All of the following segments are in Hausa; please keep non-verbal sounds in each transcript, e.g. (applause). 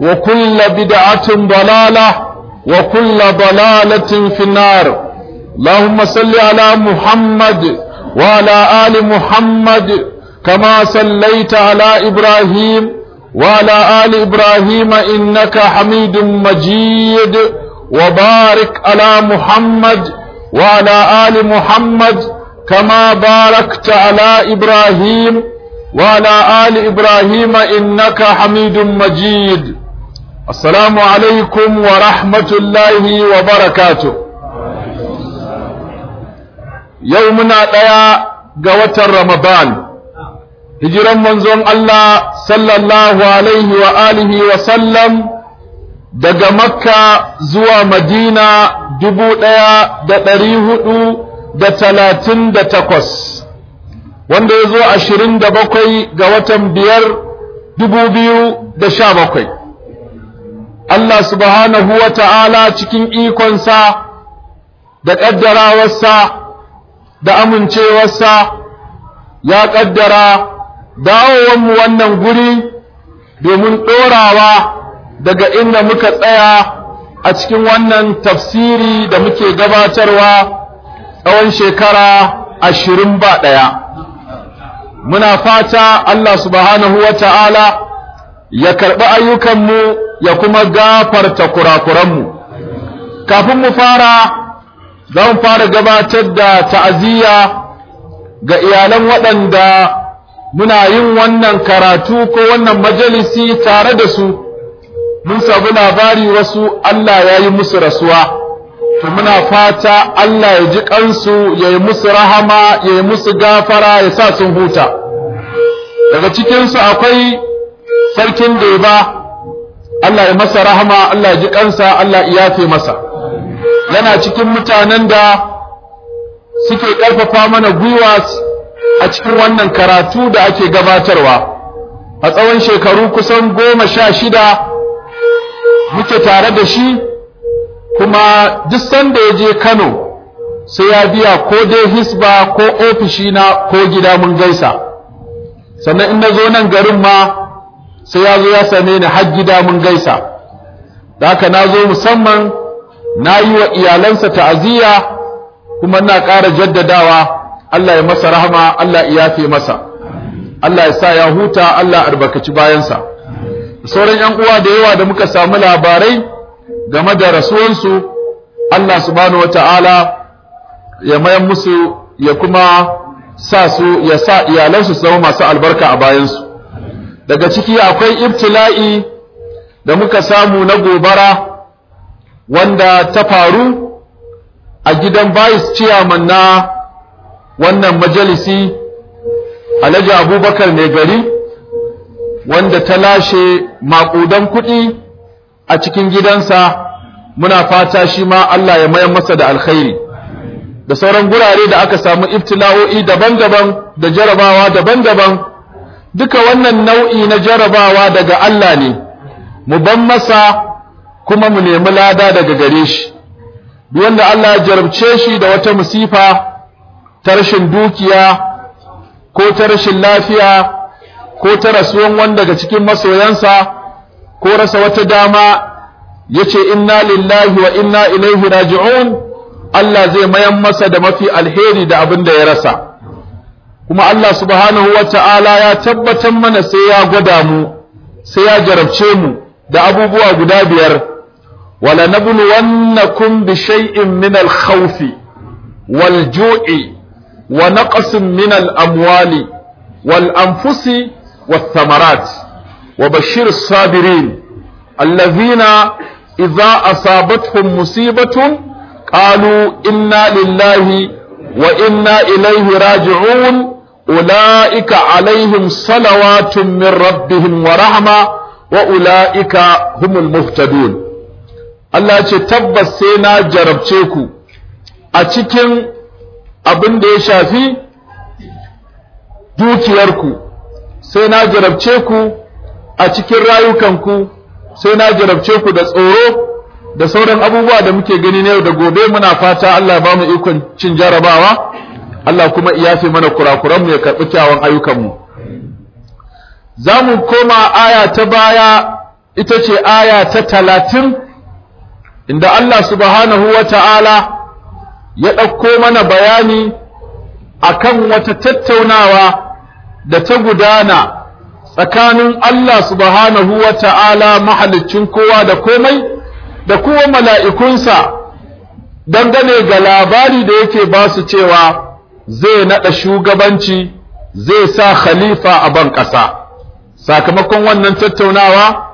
وكل بدعة ضلالة وكل ضلالة في النار اللهم صل على محمد وعلى آل محمد كما صليت على إبراهيم وعلى آل إبراهيم إنك حميد مجيد وبارك على محمد وعلى آل محمد كما باركت على إبراهيم وعلى آل إبراهيم إنك حميد مجيد Asalamu alaikum wa rahmatullahi wa barakatu. Yau muna ɗaya ga watan Ramadan, hijiran manzon Allah sallallahu alaihi daga Makka zuwa Madina dubu ɗaya da ɗari hudu da talatin da takwas, wanda ya zo ashirin da bakwai ga watan biyar dubu biyu da sha bakwai. Allah subhanahu wa ta'ala cikin ikonsa da ƙaddarawarsa da amincewarsa ya ƙaddara dawowanmu wannan guri domin ɗorawa daga inda muka tsaya a cikin wannan tafsiri da muke gabatarwa tsawon shekara ashirin ba ɗaya. Muna fata Allah subhanahu wa ta'ala ya karɓi ayyukanmu ya kuma gafarta kurakuranmu kafin mu fara mu fara gabatar da ta'aziyya ga iyalan waɗanda muna yin wannan karatu ko wannan majalisi tare da su mun sabu labari wasu Allah ya yi musu rasuwa to muna fata Allah ya ji kansu ya yi musu rahama ya yi musu gafara ya sa sun huta daga cikinsu akwai sarkin da ba Allah ya masa rahama Allah ya ji kansa Allah ya yafe masa yana cikin mutanen da suke ƙarfafa mana gwiwa a cikin wannan karatu da ake gabatarwa a tsawon shekaru kusan goma sha shida muke tare da shi kuma duk sanda ya je kano sai ya biya ko dai hisba ko ofishina ko gida mun gaisa sannan in na zo nan garin ma sai ya zo ya same ni har gida mun gaisa da haka na zo musamman na yi wa iyalansa ta'aziyya kuma na ƙara jaddadawa Allah ya masa rahama Allah ya yafe masa Allah ya sa ya huta Allah albarkaci bayansa sauran yan uwa da yawa da muka samu labarai game da rasuwansu Allah subhanahu wataala ya mayan musu ya kuma sa su ya sa iyalansu su zama masu albarka a bayansu daga ciki akwai ibtila'i da muka samu na gobara wanda ta faru a gidan vice chairman na wannan majalisi alhaji abubakar ne gari wanda ta lashe maƙudan kuɗi a cikin gidansa muna fata shi ma Allah ya mayar masa da alkhairi da sauran gurare da aka samu ibtila'o'i daban-daban da jarabawa daban-daban duka wannan nau'i na jarabawa daga Allah ne mu ban masa kuma mu nemi lada daga gare shi wanda Allah ya jarabce shi da wata musifa ta rashin dukiya ko ta rashin lafiya ko ta rasuwan wanda daga cikin masoyansa ko rasa wata dama ya ce inna lillahi wa inna ilaihi raji'un Allah zai mayan masa da mafi alheri da abin da ya rasa kuma Allah subhanahu wa ta'ala ya tabbatar mana sai ya gwada mu sai ya jarabce mu da abubuwa guda biyar wala nabluwannakum bi shay'in min al wal wa naqsin min al-amwali wal anfusi wath samarat wa bashir as-sabirin alladhina idza asabatuhum musibatun qalu inna lillahi wa inna ilayhi raji'un ula'ika alaihim salawatun min rabbihim wa rahma wa ula'ika humul muhtadun Allah ce tabbas sai na jarabce ku a cikin abin da ya shafi dukiyarku sai na jarabce ku a cikin rayukanku sai na jarabce ku da tsoro da sauran abubuwa da muke gani na yau da gobe muna fata Allah bamu ikon cin jarabawa Allah kuma fi mana kurakuranmu ya karɓi kyawun ayyukanmu za mu koma aya ta baya ita ce aya ta talatin inda Allah subhanahu wa ta'ala ya ɗauko mana bayani akan wata tattaunawa da ta gudana tsakanin Allah subhanahu wa ta'ala mahalicin kowa da komai da kuma mala'ikunsa dangane ga labari da yake ba su cewa zai nada shugabanci zai sa khalifa a ban kasa sakamakon wannan tattaunawa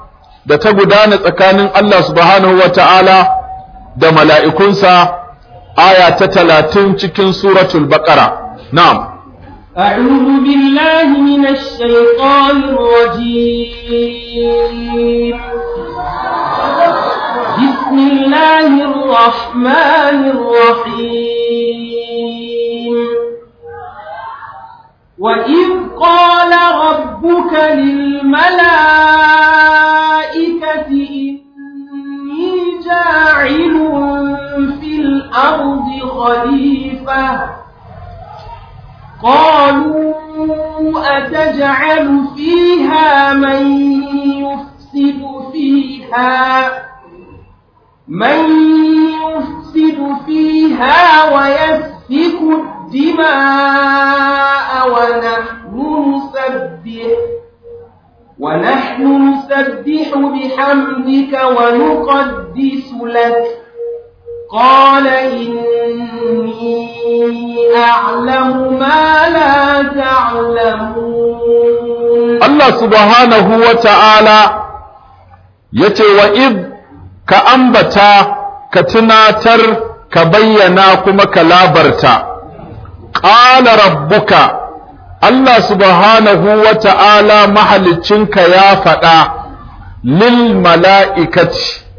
da ta gudana tsakanin Allah subhanahu wa ta'ala da mala'ikunsa aya ta 30 cikin suratul baqara na'am a'udhu billahi minash shaitanir rajim بسم الله الرحمن الرحيم وإذ قال ربك للملائكة إني جاعل في الأرض خليفة قالوا أتجعل فيها من يفسد فيها من يفسد يفسد فيها ويسفك الدماء ونحن نسبح ونحن نسبح بحمدك ونقدس لك قال إني أعلم ما لا تعلمون الله سبحانه وتعالى يتوئذ كأنبتا ka tunatar ka bayyana kuma ka labarta ƙala rabbuka Allah subhanahu wa ta'ala mahalicinka ya faɗa lil mala'ikaci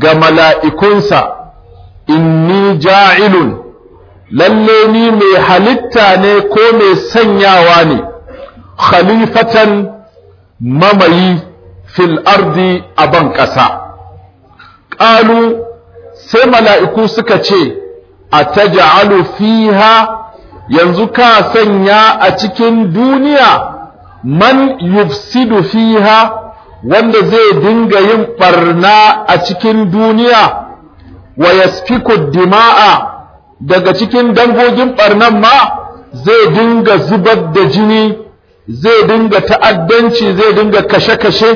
ga mala'ikunsa, inni ja'ilun, lalle ni mai halitta ne ko mai sanyawa ne, khalifatan mamayi fil ardi a ban ƙasa. Ƙalu sai mala'iku suka ce a taj'alu fiha yanzu ka sanya a cikin duniya man yufsidu fiha wanda zai dinga yin ɓarna a cikin duniya wa yasfiku dima'a daga cikin dangogin ɓarnan ma zai dinga zubar da jini zai dinga ta'addanci zai dinga kashe-kashe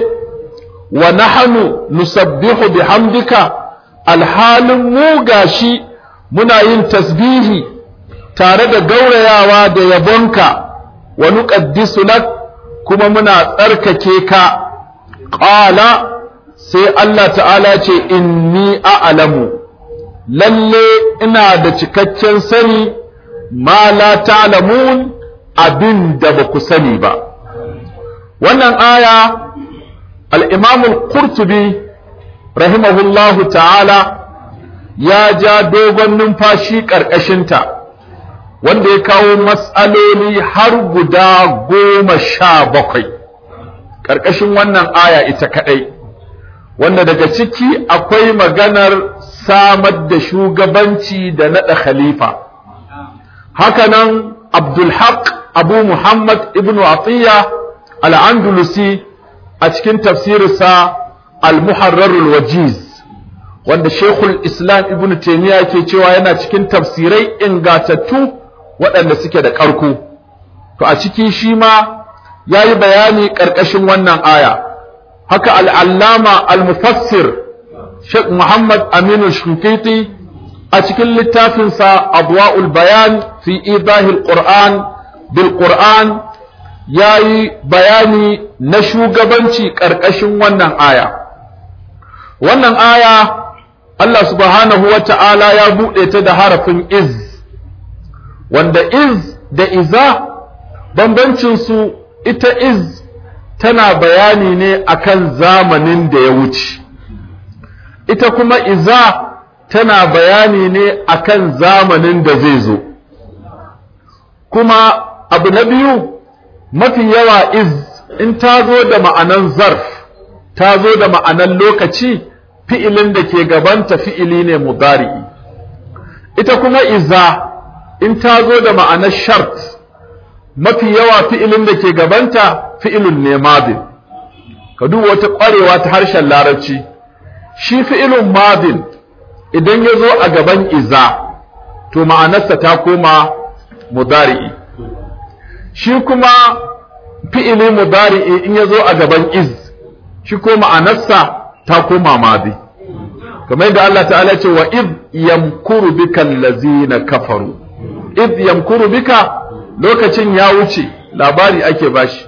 wa nahnu nusabbihu bihamdika alhalin mu gashi muna yin tasbihi tare da gaurayawa da yabonka wa nuqaddisu lak kuma muna tsarkake ka qala sai Allah ta'ala ce inni a'lamu lalle ina da cikakken sani ma la ta'lamun abin da ba ku sani ba wannan aya al-imam al-qurtubi rahimahullahu ta'ala ya ja dogon numfashi ƙarƙashinta wanda ya kawo matsaloli har guda goma sha bakwai ƙarƙashin wannan aya ita kaɗai wanda daga ciki akwai maganar samar da shugabanci da naɗa khalifa hakanan abdulhaq abu muhammad ibnu atiya al-andalusi a cikin tafsirinsa al-muharrarul wajiz wanda shekul islam ibn taimiyya yake cewa yana cikin tafsirai ingatattu waɗanda suke da ƙarko to a ciki shi ma ya yi bayani ƙarƙashin wannan aya haka al'allama al-mufassir Sheikh Muhammad Aminu Shunkiti a cikin littafinsa Adwa'ul Bayan fi Idahil Qur'an bil Qur'an yayi bayani na shugabanci ƙarƙashin wannan aya wannan aya Allah subhanahu wa ta'ala ya buɗe ta da harafin iz wanda iz da iza bambancinsu ita iz tana bayani ne akan zamanin da ya wuce ita kuma iza tana bayani ne akan zamanin da zai zo kuma abu na biyu mafi yawa iz in ta zo da ma'anan zarf ta zo da ma'anan lokaci fi'ilin da ke gabanta fi'ili ne mudari'i ita kuma iza in ta zo da ma'anar shart mafi yawa fi'ilin da ke gabanta fi'ilun ne madin ka duba wata ƙwarewa ta harshen larabci shi fi'ilun madin idan ya zo a gaban iza to ma'anarsa ta koma mudari'i shi kuma fi'ili mudari'i in ya zo a gaban iz shi ko ma'anarsa ta koma mazi kamar yadda Allah ta'ala ce wa id yamkuru bika allazina kafaru id yamkuru bika lokacin ya wuce labari ake bashi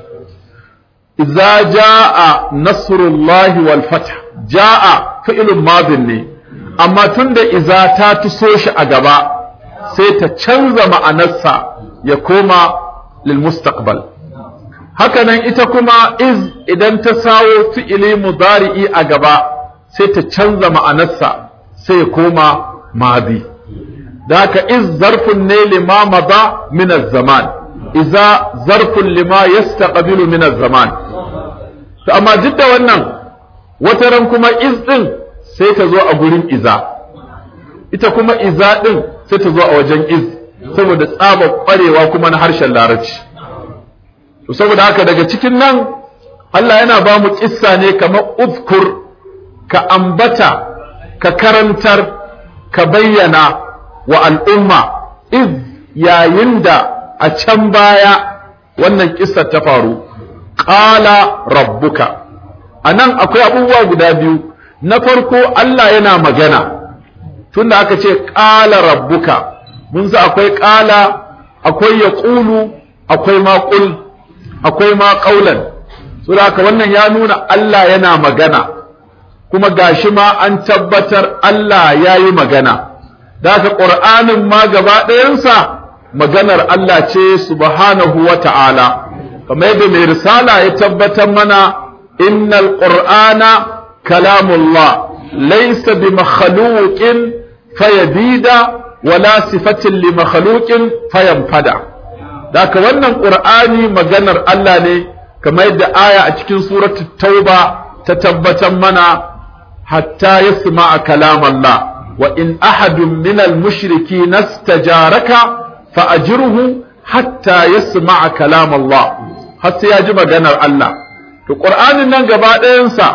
idza jaa nasrullahi wal fath jaa fi'lun madin ne amma tunda idza ta tuso shi a gaba sai ta canza ma'anarsa ya koma lil mustaqbal Hakanan ita kuma iz idan ta sawo fi'ili mudari'i a gaba sai ta canza ma'anarsa sai koma madi da haka iz zarfin ne lima maza min zaman iza zarfun lima yastaqbilu min zaman to amma jidda wannan, wata ran kuma iz ɗin, sai ta zo a gurin iza ita kuma iza ɗin, sai ta zo a wajen iz saboda tsaba kwarewa kuma na harshen larabci to saboda haka daga cikin nan Allah yana ba mu kissa ne kamar uzkur ka ambata ka karantar ka bayyana wa al'umma iz yayin da a can baya wannan kissa ta faru qala rabbuka anan akwai abubuwa guda biyu na farko Allah yana magana tunda aka ce qala rabbuka mun sa akwai qala akwai yaqulu akwai maqul akwai ma ƙaulan, saboda wannan ya nuna Allah yana magana kuma gashi ma an tabbatar Allah yayi magana da ka ƙur'anin ma gaba ɗayansa maganar Allah ce subhanahu wa ta'ala kamar yadda mai risala ya tabbatar mana innal ƙur'ana kalamullah laysa bi makhluqin fayabida wala sifatin li makhluqin fayanfada da ka wannan ƙur'ani maganar Allah ne kamar yadda aya a cikin suratu tauba ta tabbatar mana hatta yasma'a kalam Allah wa in ahadun minal mushriki nastajaraka fa ajruhu hatta yasma'a kalam Allah har sai ya ji maganar Allah to qur'anin nan gaba ɗayansa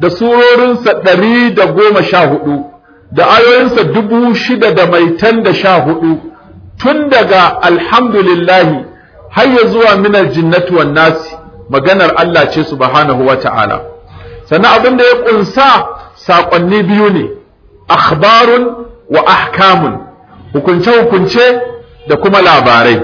da surorinsa ɗari da goma sha hudu da ayoyinsa dubu shida da maitan da sha hudu tun daga alhamdulillahi har ya zuwa minar jinnati wan nasi maganar Allah ce subhanahu wa ta'ala sannan abin da ya kunsa saƙonni biyu ne akhbarun wa ahkamun hukunce-hukunce da kuma labarai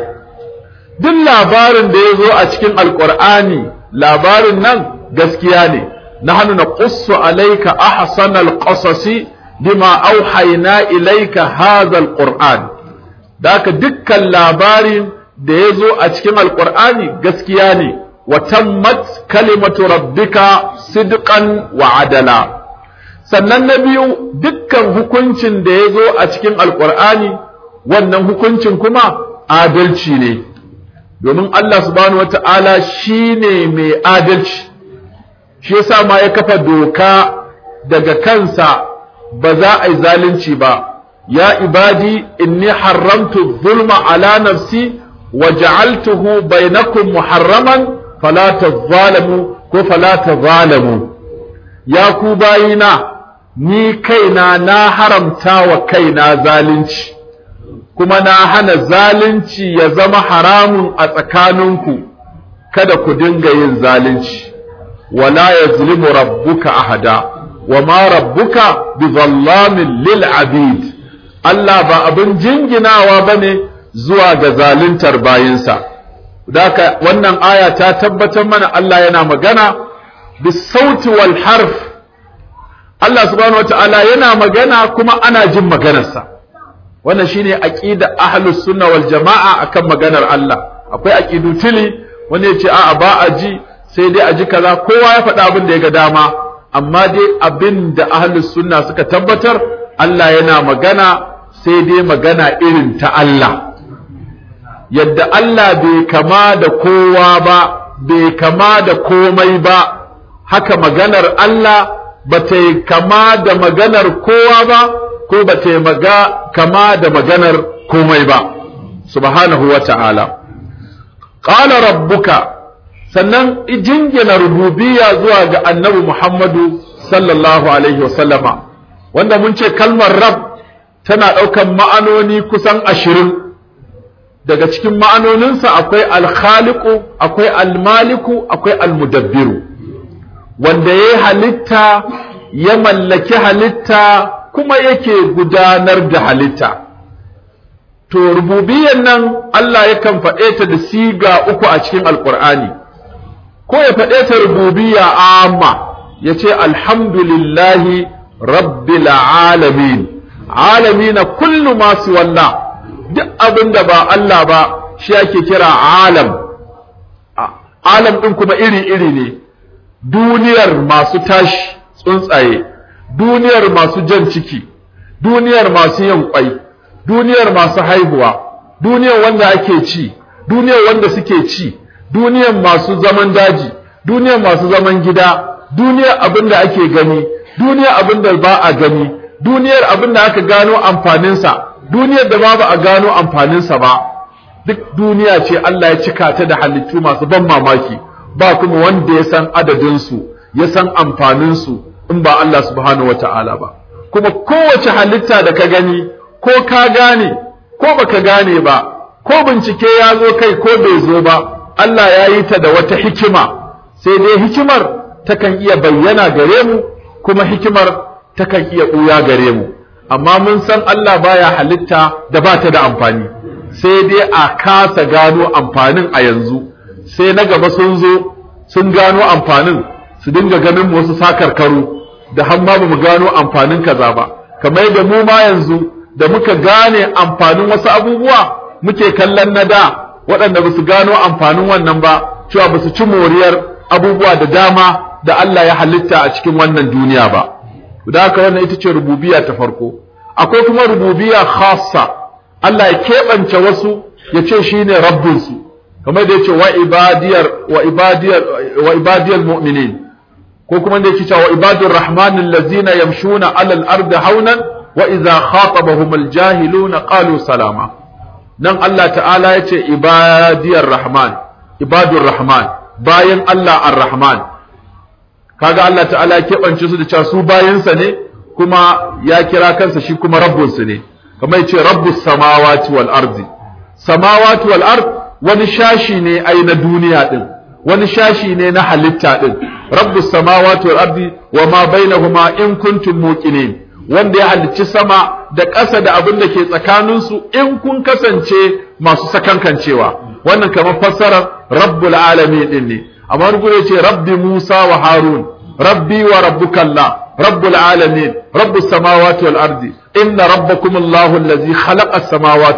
duk labarin da ya zo a cikin alƙur'ani labarin nan gaskiya ne nahnu naqussu alaika ahsanal ƙasasi bima auhaina ilaika hazal ƙur'ani Daka dukkan labarin da ya zo a cikin alkur'ani gaskiya ne wa mat kalimatu rabbika sidqan wa adala sannan na biyu dukkan hukuncin da ya zo a cikin alkur'ani wannan hukuncin kuma adalci ne domin Allah subhanahu wata'ala ne mai adalci shi yasa ma ya kafa doka daga kansa ba za a yi zalunci ba ya ibadi inni haramtu zulma ala nafsi wa ja'altuhu bainakum muharraman falata tazalamu ko falata tazalamu ya ku bayina ni kaina na haramta wa kaina zalunci kuma na hana zalunci ya zama haramun a tsakaninku kada ku dinga yin zalunci wala yazlimu rabbuka ahada wa ma rabbuka bizallamin zallamin lil abid Allah ba abin jinginawa ba ne zuwa ga zaluntar bayinsa. Daka wannan aya ta tabbatar mana Allah yana magana bisauti wal harf Allah subhanahu wa ta'ala yana magana kuma ana jin maganarsa. Wannan shine aqida ahlus sunna wal jama'a akan maganar Allah. Akwai aƙidu tili wani ya ce a'a ba a ji sai dai a ji kaza kowa ya faɗa abin da ya ga dama amma dai abin da ahlus sunna suka tabbatar Allah yana magana sai dai magana irin ta Allah yadda Allah bai kama da kowa ba bai kama da komai ba haka maganar Allah ba ta yi kama da maganar kowa ba ko ba ta yi kama da maganar komai ba subhanahu wa ta'ala ƙala rabbuka sannan jingina rububiya zuwa ga annabi Muhammadu sallallahu alaihi wasallama wanda mun ce kalmar rabb tana ɗaukan ma'anoni kusan ashirin daga cikin ma'anoninsa akwai alkhaliku akwai almaliku akwai almudabbiru wanda ya halitta ya mallaki halitta kuma yake gudanar da halitta to rububiyan nan Allah yakan faɗe ta da siga uku a cikin alkur'ani ko ya faɗe ta rububiya amma ya ce alhamdulillahi rabbil alamin na kullu masu wannan duk abin da ba Allah ba shi ake kira alam alam din kuma iri-iri ne duniyar masu tashi tsuntsaye duniyar masu jan ciki duniyar masu yin kwai duniyar masu haihuwa duniyar wanda ake ci duniyar wanda suke ci duniyar masu zaman daji duniyar masu zaman gida duniyar abin da ake gani duniyar abin da ba a gani duniyar abin da aka gano amfaninsa duniyar da babu a gano amfaninsa ba duk duniya ce Allah ya cika ta da halittu masu ban mamaki ba kuma wanda ya san adadinsu ya san amfaninsu in ba Allah subhanahu wata'ala ba kuma kowace halitta da ka gani ko ka gane ko baka gane ba ko bincike ya zo kai ko bai zo ba Allah ya yi ta da wata hikima sai dai hikimar takan iya bayyana gare mu kuma hikimar takan iya ɓuya gare mu amma mun san Allah baya halitta da ba ta da amfani sai dai a kasa gano amfanin a yanzu sai na gaba sun zo sun gano amfanin su dinga ganin mu wasu sakarkaru da har ba mu gano amfanin kaza ba kamar yadda mu ma yanzu da muka gane amfanin wasu abubuwa muke kallon na da waɗanda ba su gano amfanin wannan ba cewa ba su ci moriyar abubuwa da dama da Allah ya halitta a cikin wannan duniya ba da haka wannan ita ce rububiya ta farko akwai kuma rububiya khassa Allah ya keɓance wasu ya ce shine rabbinsu kamar da ya ce wa ibadiyar wa ibadiyar wa ibadiyar mu'minin ko kuma da ya ce wa ibadur rahmanin lazina yamshuna alal arda haunan wa idza khatabahumul jahiluna qalu salama nan Allah ta'ala ya ce ibadiyar rahman ibadur rahman bayan Allah ar-rahman kaga Allah ta'ala ya keɓance su da cewa su bayansa ne kuma ya kira kansa shi kuma rabbinsu ne kamar ya ce rabbus samawati wal ardi samawati wal ard wani shashi ne ai na duniya din wani shashi ne na halitta din rabbus samawati wal ardi wa ma bainahuma in kuntum muqinin wanda ya halicci sama da ƙasa da abin da ke tsakaninsu in kun kasance masu sakankancewa wannan kamar fassarar rabbul alami din ne amma wani gure ce rabbi musa wa harun rabbi wa rabbukallah رب العالمين رب السماوات والأرض إن ربكم الله الذي خلق السماوات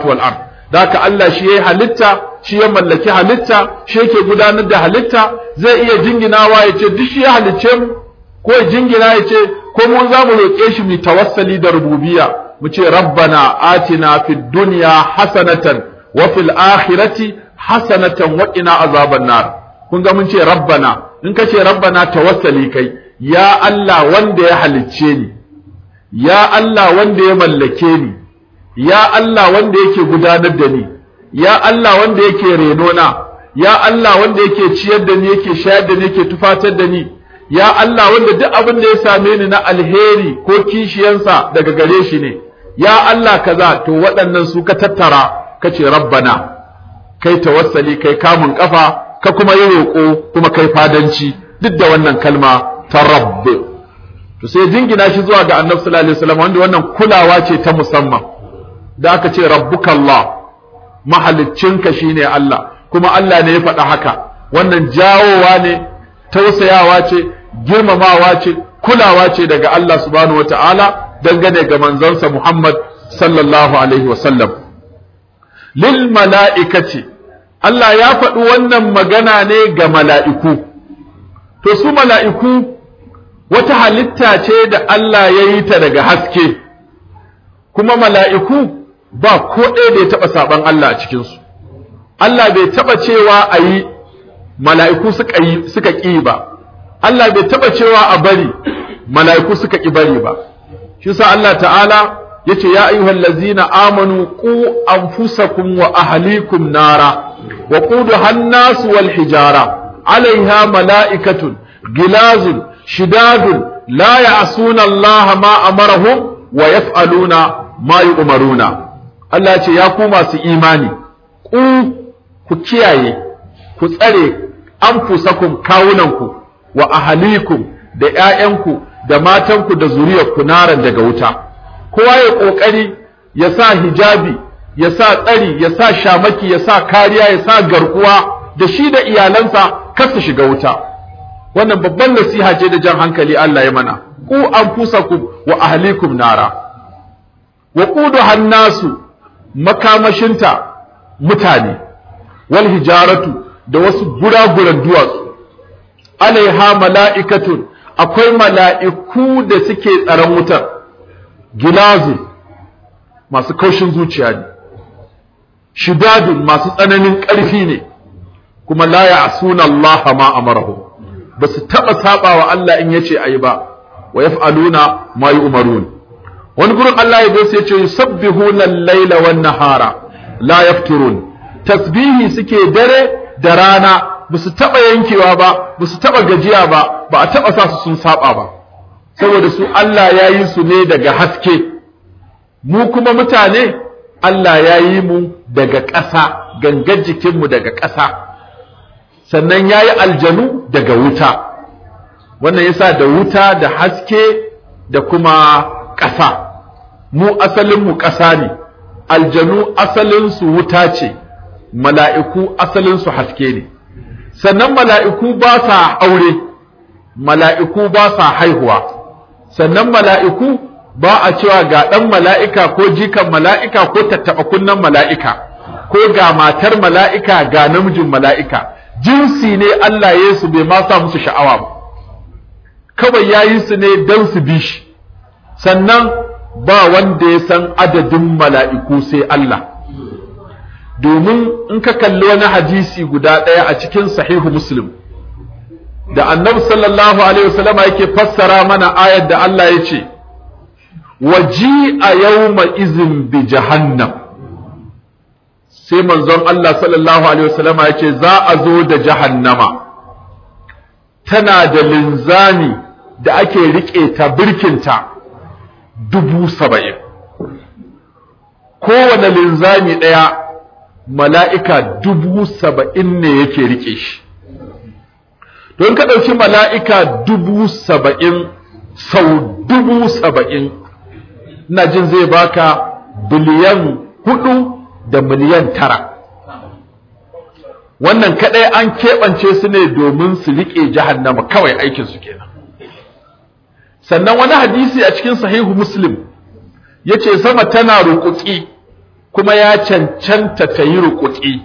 Da ka Allah shi yayi halitta shi ya mallaki halitta shi yake gudanar da halitta zai iya jinginawa ya ce duk shi ya halicce mu ko jingina ya ce ko mu za mu roƙe shi mu tawassali da rububiyya mu ce rabbana atina fid dunya hasanatan wa fil akhirati hasanatan wa qina azaban nar kun ga mun ce rabbana in ka ce rabbana tawassali kai ya Allah wanda ya halicce ni ya Allah wanda ya mallake ni ya Allah wanda yake gudanar da ni ya Allah wanda yake reno na ya Allah wanda yake ciyar da ni yake shayar da ni yake tufatar da ni ya Allah wanda duk abin da ya same ni na alheri ko kishiyansa daga gare shi ne ya Allah kaza to waɗannan su ka tattara kace rabbana kai tawassali kai kamun kafa ka kuma yi roƙo kuma kai fadanci duk da wannan kalma ta rabbu to sai jingina shi zuwa ga annabi sallallahu alaihi wasallam wanda wannan kulawa ce ta musamman da aka ce rabbukallah mahaliccinka shine Allah kuma Allah ne ya faɗa haka wannan jawowa ne tausayawa ce girmamawa ce kulawa ce daga Allah subhanahu wataala dangane ga manzansa Muhammad sallallahu alaihi wasallam lil mala'ikati Allah ya faɗi wannan magana ne ga mala'iku to su mala'iku wata halitta ce da Allah ya yi ta daga haske kuma mala'iku ba ko ɗaya da ya taɓa saɓan Allah a cikinsu Allah bai taɓa cewa a yi mala'iku suka ƙi ba Allah bai taɓa cewa a bari mala'iku suka ƙi bari ba shi sa Allah ta'ala ya ce ya na amanu ku anfusakum wa ahlikum nara wa quduha an-nas wal hijara alaiha mala'ikatun gilazun shidadun la ya'suna Laha ma amarahum wa yaf'aluna ma yu'maruna Allah ce ya ku masu imani ku ku kiyaye ku tsare anfusakum kawunanku wa ahalikum da ƴaƴanku da matanku da zuriyarku naran daga wuta kowa ya kokari ya sa hijabi ya sa tsari ya sa shamaki ya sa kariya ya sa garkuwa da shi da iyalansa kar su shiga wuta wannan babban nasiha ce da jan hankali Allah ya mana ku an anfusakum wa ahlikum nara wa quduha nasu makamashinta mutane wal hijaratu da wasu guraguran duwatsu alaiha mala'ikatun akwai mala'iku da suke tsaron wutar gilazu masu kaushin zuciya ne shidadun masu tsananin ƙarfi ne kuma la ya'suna Allah ma su basu taba sabawa Allah in yace ayi ba wa yaf'aluna ma yu'marun wani gurin Allah ya gosa yace yusabbihuna al-laila wan nahara la yafturun tasbihi suke dare da rana basu taɓa yankewa ba basu taɓa gajiya ba ba a taɓa sa su sun saba ba saboda su Allah ya yi su ne daga haske mu kuma mutane Allah ya yi mu daga ƙasa gangar jikinmu daga ƙasa sannan ya yi aljanu daga wuta wannan yasa da wuta da haske da kuma ƙasa mu asalinmu ƙasa ne aljanu asalinsu wuta ce mala'iku asalinsu haske ne sannan mala'iku ba sa aure mala'iku ba sa haihuwa sannan mala'iku ba a cewa ga ɗan mala'ika ko jikan mala'ika ko tattaɓa kunnen mala'ika ko ga matar mala'ika ga namijin mala'ika jinsi ne Allah Yesu bai ma sa musu sha'awa ba kawai ya yi su ne dan su bi shi sannan ba wanda ya san adadin mala'iku sai Allah domin in ka kalli wani hadisi guda ɗaya a cikin sahihu muslim da annabi sallallahu alaihi wasallama yake fassara mana ayar da Allah ya ce waji a yau izin bi jahannam sai manzon Allah sallallahu alaihi wasallama ya ce za a zo da jahannama tana da linzami da ake riƙe ta birkinta dubu saba'in kowane linzami ɗaya mala'ika dubu saba'in ne yake riƙe shi don ka ɗauki mala'ika dubu saba'in sau dubu saba'in ina jin zai baka biliyan hudu da miliyan tara wannan kadai an keɓance su ne domin su riƙe jahannama kawai aikin su kenan sannan wani hadisi a cikin sahihu muslim ya ce sama tana rukuki kuma ya cancanta ta yi rukuki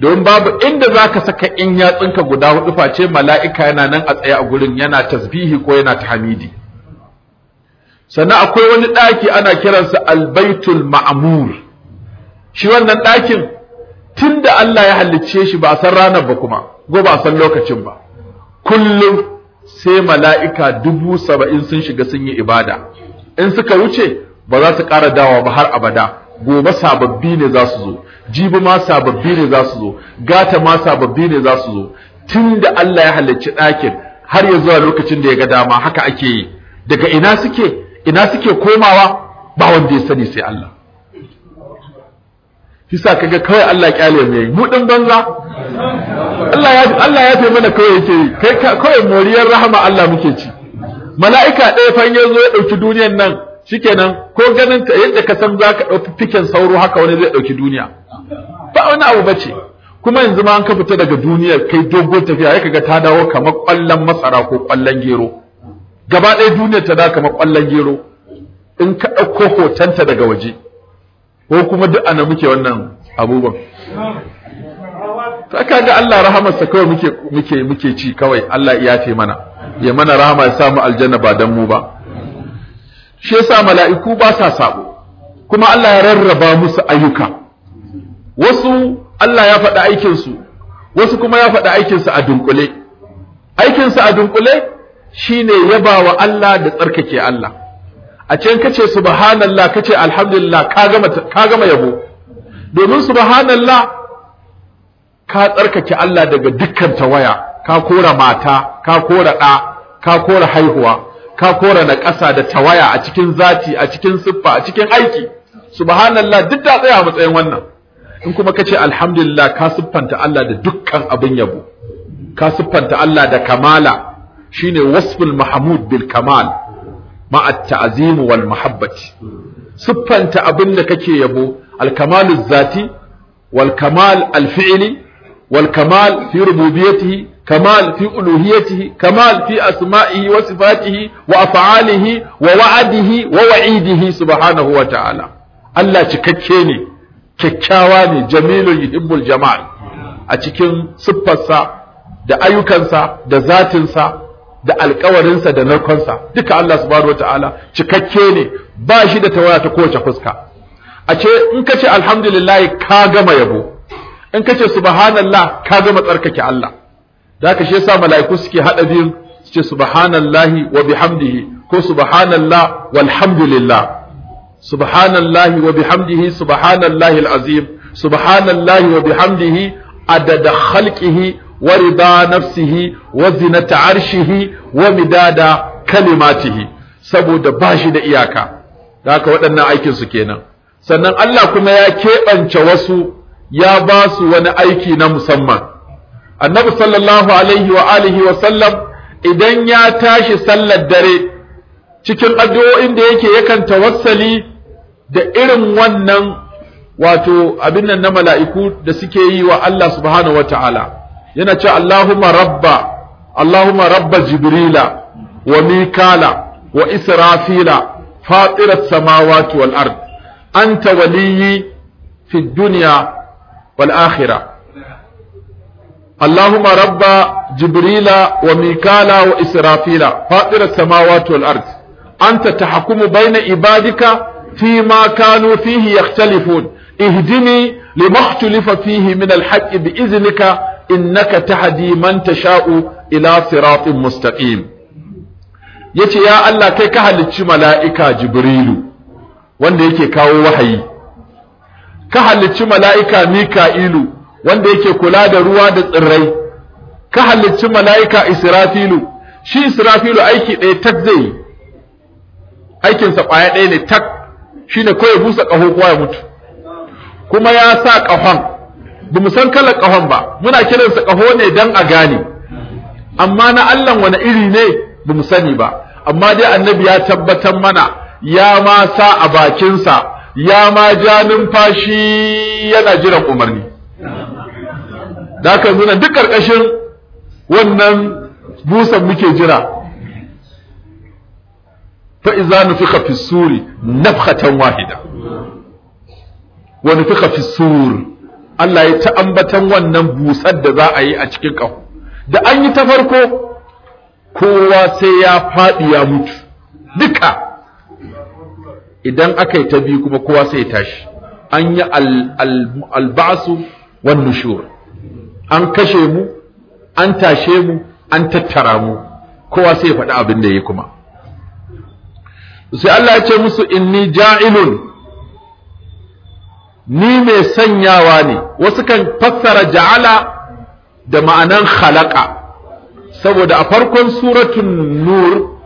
don babu inda zaka saka in yatsunka guda hudu face mala'ika yana nan a tsaye a gurin yana tasbihi ko yana ta hamidi sannan akwai wani ɗaki ana kiransa albaitul ma'amur shi wannan ɗakin tun da Allah ya halicce shi ba a san ranar ba kuma ko ba a san lokacin ba kullum sai mala'ika dubu saba'in sun shiga sun yi ibada in suka wuce ba za su ƙara dawa ba har abada gobe sababbi ne za su zo jibi ma sababbi ne za su zo gata ma sababbi ne za su zo tun da Allah ya halicci ɗakin har ya zuwa lokacin da ya ga dama haka ake yi daga ina suke ina suke komawa ba wanda ya sani sai Allah Hisa kaga kawai Allah kyale mu yayi mu din banza Allah ya Allah ya fi mana kawai yake yi kai kawai moriyar rahama Allah muke ci mala'ika ɗaya fa zo ya dauki duniyar nan shikenan ko ganin ta yadda ka san zaka dauki fikin sauro haka wani zai dauki duniya ba wani abu bace kuma yanzu ma an ka fita daga duniyar kai dogon tafiya ya kaga ta dawo kamar kwallon masara ko kwallon gero gaba ɗaya duniya ta da kamar ƙwallon gero in ka ɗauko hotonta daga waje ko kuma duk ana muke wannan abubuwan ta ga Allah rahamarsa kawai muke muke ci kawai Allah ya yafe mana ya mana rahama ya samu aljanna ba dan mu ba shi yasa mala'iku ba sa sabo kuma Allah ya rarraba musu ayyuka wasu Allah ya faɗa aikinsu, wasu kuma ya faɗa aikinsu a dunkule Aikinsu a dunkule shine yaba wa Allah da tsarkake Allah a can kace subhanallah kace alhamdulillah ka gama ka gama yabo domin subhanallah ka tsarkake Allah daga dukkan tawaya ka kora mata ka kora ɗa, ka kora haihuwa ka kora na ƙasa da tawaya a cikin zati a cikin siffa a cikin aiki subhanallah duk da tsaya a matsayin wannan in kuma kace alhamdulillah ka siffanta Allah da dukkan abin yabo ka siffanta Allah da kamala شنو وصف المحمود بالكمال مع التعظيم والمحبة سبا انت ابنك يا ابو الكمال الذاتي والكمال الفعلي والكمال في ربوبيته كمال في ألوهيته كمال في أسمائه وصفاته وأفعاله ووعده ووعيده سبحانه وتعالى الله تككيني كككاواني جميل يحب الجمال أتكين سبسا دا ايوكا سا دا ذات سا da alkawarinsa da narkonsa duka Allah subhanahu wataala cikakke ne ba shi da tawaya ta kowace fuska a ce in ka ce alhamdulillah ka gama yabo in ka ce subhanallah ka gama tsarkake Allah da haka shi yasa mala'iku suke hada biyun su ce subhanallahi wa bihamdihi ko subhanallah walhamdulillah subhanallahi wa bihamdihi subhanallahi alazim subhanallahi wa bihamdihi adada khalqihi wa rida nafsihi wa zinata arshihi da kalimatihi saboda bashi da iyaka haka waɗannan aikin su kenan sannan Allah kuma ya keɓance wasu ya ba su wani aiki na musamman annabi sallallahu alaihi wa alihi wa sallam idan ya tashi sallar dare cikin addu'o'in da yake yakan tawassali da irin wannan wato abin nan na mala'iku da suke yi wa Allah subhanahu wa ta'ala yana ce Allahumma rabba Allahumma rabba jibrila wa mikala wa israfila fatirat samawati wal ard anta waliyyi fi dunya wal akhirah اللهم رب جبريل وميكال وإسرافيل فاطر السماوات والأرض أنت تحكم بين عبادك فيما كانوا فيه يختلفون اهدني لما اختلف فيه من الحق بإذنك innaka tahdi man tasha'u ila siratin mustaqim yace ya Allah kai ka halicci mala'ika jibrilu wanda yake kawo wahayi ka halicci mala'ika mika'ilu wanda yake kula da ruwa da tsirrai ka halicci mala'ika israfilu shi israfilu aiki ɗaya tak zai aikinsa ƙwaya ɗaya ne tak shine ko ya busa ƙaho ko ya mutu kuma ya sa ƙahon ba mu san kalar kahon ba muna kiransa kaho ne dan a gane amma na Allah wani iri ne ba mu sani ba amma dai annabi ya tabbatar mana ya ma sa a bakinsa ya ma ja numfashi yana jiran umarni da haka duk ƙarƙashin wannan busan muke jira fa iza nufika fi suri nafkatan wahida wa nufika fi suri Allah ya ta ambatan wannan busar da za a yi a cikin ƙaho da an yi ta farko kowa sai ya faɗi ya mutu duka idan aka yi ta biyu kuma kowa sai ya tashi an yi albasu wannan shur. an kashe mu an tashe mu an tattara mu kowa sai ya faɗi abin da ya yi kuma sai Allah ya ce musu inni ja'ilun ni mai sanyawa ne wasu kan fassara ja'ala da ma'anan khalaqa saboda a farkon suratul nur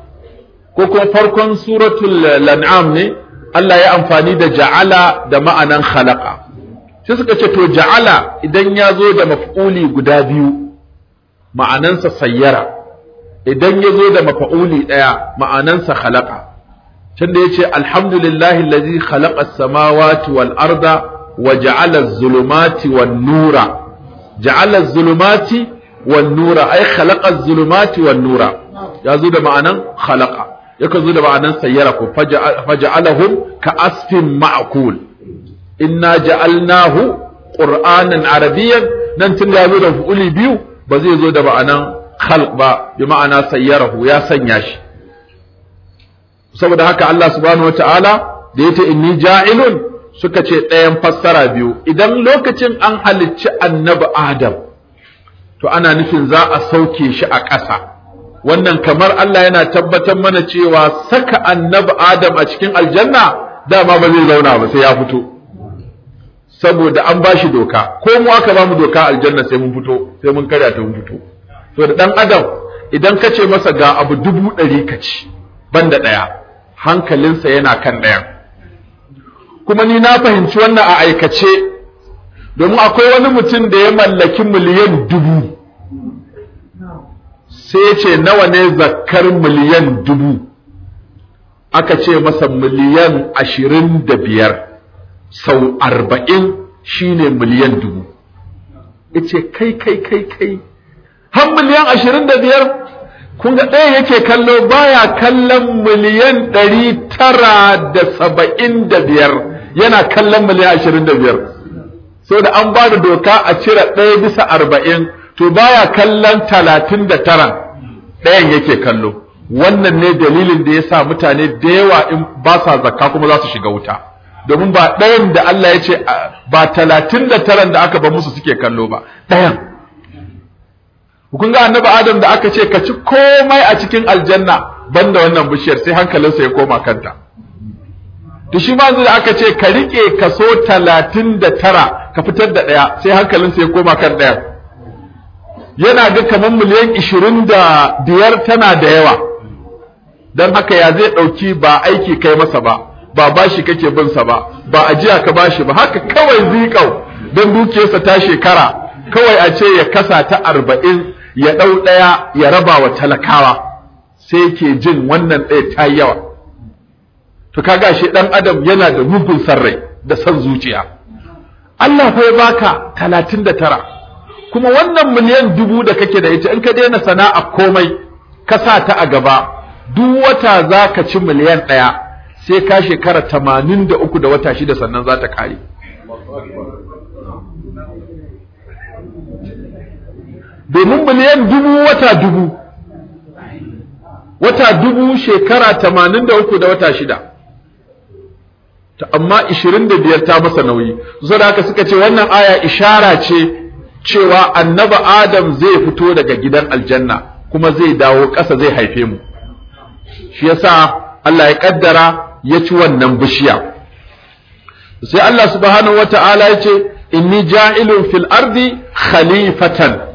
ko kuma farkon suratul lan'am ne Allah ya amfani da ja'ala da ma'anan khalaqa sai suka ce to ja'ala idan ya zo da maf'uli guda biyu ma'anansa sayyara idan ya zo da maf'uli ɗaya ma'anansa khalaqa can da ce alhamdulillahi allazi khalaqa as-samawati wal arda wa ja'ala zulumati wan nura ja'ala zulumati wan nura Ai khalaqa zulumati wan nura ya zo da ma'anan khalaqa yaka zo da ma'anan sayyara ko faja'alahum ka asfin ma'kul inna ja'alnahu qur'anan arabiyyan nan tun ya zo da uli biyu ba zai zo da ma'anan khalq ba bi ma'ana sayyarahu ya sanya shi saboda haka Allah subhanahu wa ta'ala da yace inni ja'ilun suka ce ɗayan fassara biyu idan lokacin an halicci annabi Adam to ana nufin za a sauke shi a ƙasa wannan kamar Allah yana tabbatar mana cewa saka annabi Adam a cikin aljanna dama ba zai zauna ba sai ya fito saboda an ba shi doka ko mu aka ba mu doka aljanna sai mun fito sai mun karya ta mun fito to dan adam idan ka ce masa ga abu dubu ɗari ka ci banda ɗaya hankalinsa yana kan ɗayan kuma ni na fahimci wannan a aikace domin akwai wani mutum da ya mallaki miliyan dubu sai ya ce nawa ne zakar miliyan dubu aka ce masa miliyan ashirin da biyar sau arba'in shine miliyan dubu ya ce kai kai kai kai har miliyan ashirin da biyar kun ga ɗaya yake kallo baya kallon miliyan ɗari tara da saba'in da biyar yana kallon miliyan ashirin da biyar so da an ba da doka a cire ɗaya bisa arba'in to baya kallon talatin da tara ɗayan yake kallo wannan ne dalilin da ya sa mutane da yawa in ba sa zakka kuma za su shiga wuta domin ba ɗayan da Allah ya ce ba talatin da taran da aka ba musu suke kallo ba ɗayan kun ga annabi adam da aka ce ka ci komai a cikin aljanna banda wannan bishiyar sai hankalin hankalinsa ya koma kanta to shi ma da aka ce ka rike kaso tara ka fitar da ɗaya, sai hankalin hankalinsa ya koma kan daya yana ga kamar miliyan da diyar tana da yawa dan haka ya zai ɗauki ba aiki kai masa ba ba bashi kake bin sa ba ba ajiya ka bashi ba haka kawai zikau don dukiyarsa ta shekara kawai a ce ya kasa ta arba'in ya ɗau ɗaya ya raba wa talakawa sai ke jin wannan ɗaya ta yi yawa to kaga shi ɗan adam yana da mugun sarrai da son zuciya Allah fa ya baka talatin da tara kuma wannan miliyan dubu da kake da ita in ka daina sana'a komai ka sa ta a gaba duk wata za ka ci miliyan ɗaya sai ka shekara tamanin da uku da wata shida sannan za ta kare domin miliyan dubu wata dubu wata dubu shekara tamanin da uku da wata shida ta amma ishirin da biyar ta masa nauyi da haka suka ce wannan aya ishara ce cewa annaba adam zai fito daga gidan aljanna kuma zai dawo ƙasa zai haife mu shi yasa Allah ya kaddara ya ci wannan bishiya sai Allah subhanahu wata'ala ya ce inni ja'ilun fil ardi khalifatan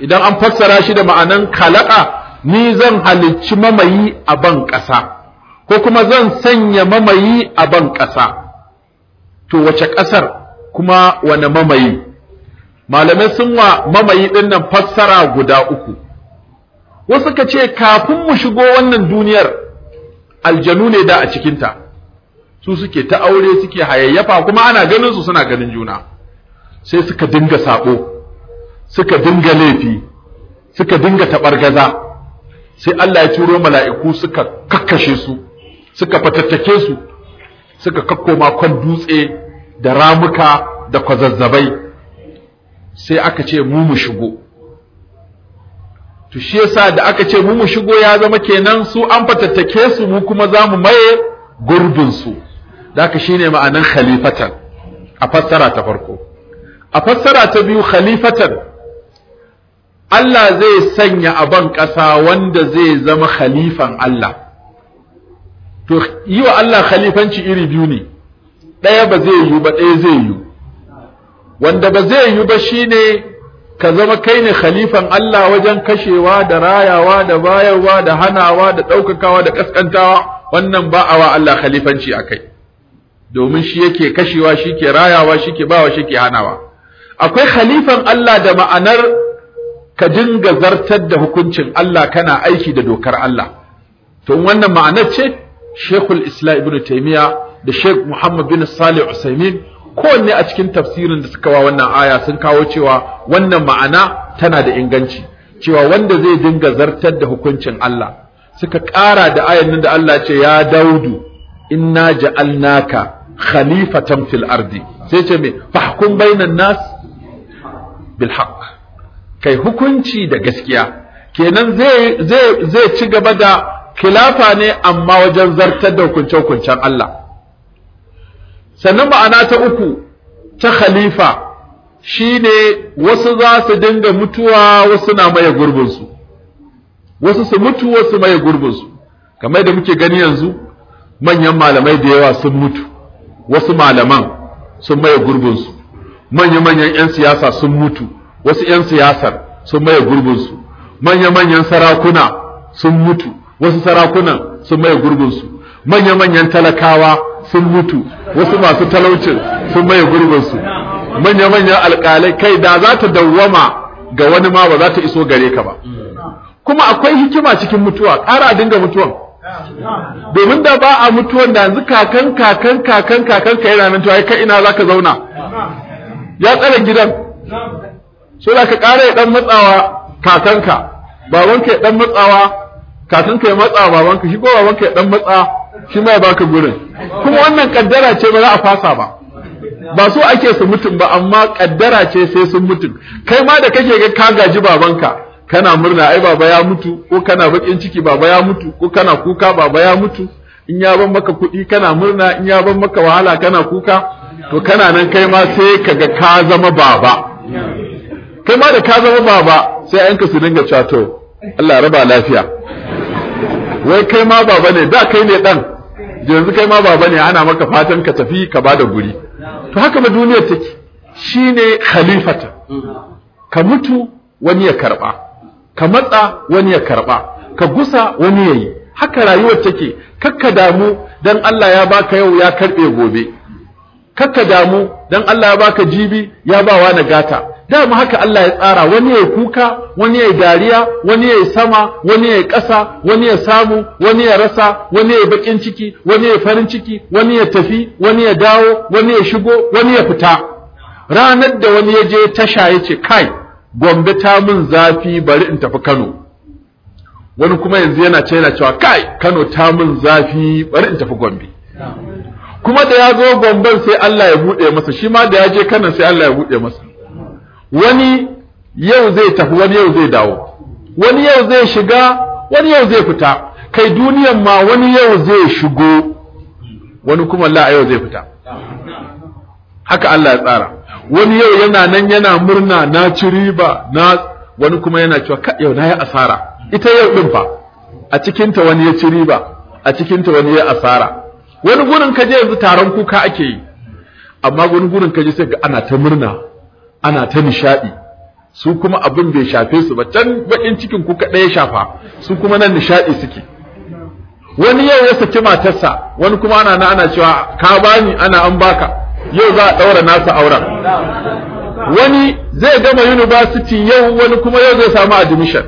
idan an fassara shi da ma'anan kalaƙa, ni zan halicci mamayi a ban ƙasa ko kuma zan sanya mamayi a ban ƙasa to wace ƙasar kuma wane mamayi malamai sun wa mamayi ɗin nan fassara guda uku wasu ka ce kafin mu shigo wannan duniyar aljanu ne da a cikinta su suke ta aure suke hayayyafa kuma ana ganin su suna ganin juna sai suka dinga saɓo. suka dinga laifi suka dinga taɓargaza sai Allah ya turo mala'iku suka kakkashe su suka fatattake su suka kakko makon dutse da ramuka da kwazazzabai sai aka ce mu mu shigo to shi yasa da aka ce mu mu shigo ya zama kenan su an fatattake su mu kuma za mu maye gurbin su da aka shine ma'anan khalifatan a fassara ta farko a fassara ta biyu khalifatan Allah zai sanya aban ƙasa wanda zai zama khalifan Allah to yi wa Allah khalifanci iri biyu ne ɗaya ba zai yi ba ɗaya zai yi wanda ba zai yi ba shine ka zama kai ne khalifan Allah wajen kashewa da rayawa da bayarwa da hanawa da ɗaukakawa da ƙasƙantawa wannan ba a wa Allah khalifanci a kai domin shi yake kashewa shi ke rayawa shi ke bawa shi ke hanawa akwai khalifan Allah da ma'anar ka dinga zartar da hukuncin Allah kana aiki da dokar Allah to wannan ma'anar ce Sheikhul Islam Ibn Taymiyyah da Sheikh Muhammad bin Salih Usaimin kowanne a cikin tafsirin da suka wa wannan aya sun kawo cewa wannan ma'ana tana da inganci cewa wanda zai dinga zartar da hukuncin Allah suka ƙara da ayan nan da Allah ce ya Daudu inna ja'alnaka khalifatan fil ardi sai ce me fahkum bainan nas bil haqq kai hukunci da gaskiya kenan zai zai ci gaba da khilafa ne amma wajen zartar da hukunce-hukuncen Allah sannan ma'ana ta uku ta khalifa shine wasu za su dinga mutuwa wasu na maye gurbinsu wasu su mutu wasu maye gurbinsu kamar da muke gani yanzu manyan malamai da yawa sun mutu wasu malaman sun maye gurbinsu manya-manyan 'yan siyasa sun mutu wasu 'yan siyasar sun maye gurbinsu manya-manyan sarakuna sun mutu wasu sarakunan sun maye gurbinsu manya-manyan talakawa sun mutu wasu masu talaucin sun maye gurbinsu manya-manyan alƙalai kai da za ta dawwama ga wani ma ba za ta iso gare ka ba kuma akwai hikima cikin mutuwa ƙara dinga mutuwan domin da ba a mutuwan da yanzu kakan kakan kakan kakan ka yana nan to kai ina zaka zauna ya tsare gidan sai da ka ƙara ya ɗan matsawa kakanka babanka ya ɗan matsawa kakanka ya matsa babanka shi ko babanka ya ɗan matsa shi ma ya baka gurin kuma wannan ƙaddara ce ba za a fasa ba ba so ake su mutum ba amma ƙaddara ce sai sun mutum kai ma da kake ga ka gaji babanka kana murna ai baba ya mutu ko kana bakin ciki baba ya mutu ko kana kuka baba ya mutu in ya ban maka kuɗi kana murna in ya ban maka wahala kana kuka to kana nan kai ma sai kaga ka zama baba kai ma da ka zama baba sai ayanka su dinga cato Allah raba lafiya wai kai ma baba ne da kai ne dan yanzu kai ma baba ne ana maka fatan ka tafi ka bada guri to haka ba duniyar take shine khalifata ka mutu wani ya karba ka matsa wani ya karba ka gusa wani yayi haka rayuwar take kakka damu dan Allah ya baka yau ya karbe gobe kakka damu dan Allah ya baka jibi ya ba wa gata dama haka Allah ya tsara wani ya kuka wani ya dariya wani ya sama wani ya ƙasa wani ya samu wani ya rasa wani ya bakin ciki wani ya farin ciki wani ya tafi wani ya dawo wani ya shigo wani ya fita ranar da wani ya je tasha ya ce kai gombe ta mun zafi bari in tafi Kano wani kuma yanzu yana ce yana cewa kai Kano ta min zafi bari in tafi Gombe kuma da ya zo Gomben sai Allah ya buɗe masa shi ma da ya je Kano sai Allah ya buɗe masa wani yau zai tafi wani yau zai dawo wani yau zai shiga wani yau zai fita kai duniyan ma wani yau zai shigo wani kuma Allah yau zai fita haka Allah ya tsara wani yau yana nan yana murna na ci riba na wani kuma yana cewa ka yau na yi asara ita yau din fa a cikinta wani ya ci riba a cikinta wani ya asara wani gurin ka je yanzu taron kuka ake yi amma wani gurin ka je sai ga ana ta murna ana ta nishaɗi su kuma abin bai shafe su ba can bakin cikin kuka kaɗai shafa su kuma nan nishaɗi suke wani yau ya saki matarsa wani kuma ana na ana cewa ka bani ana an baka yau za a ɗaura nasa auren wani zai gama university yau wani kuma yau zai samu admission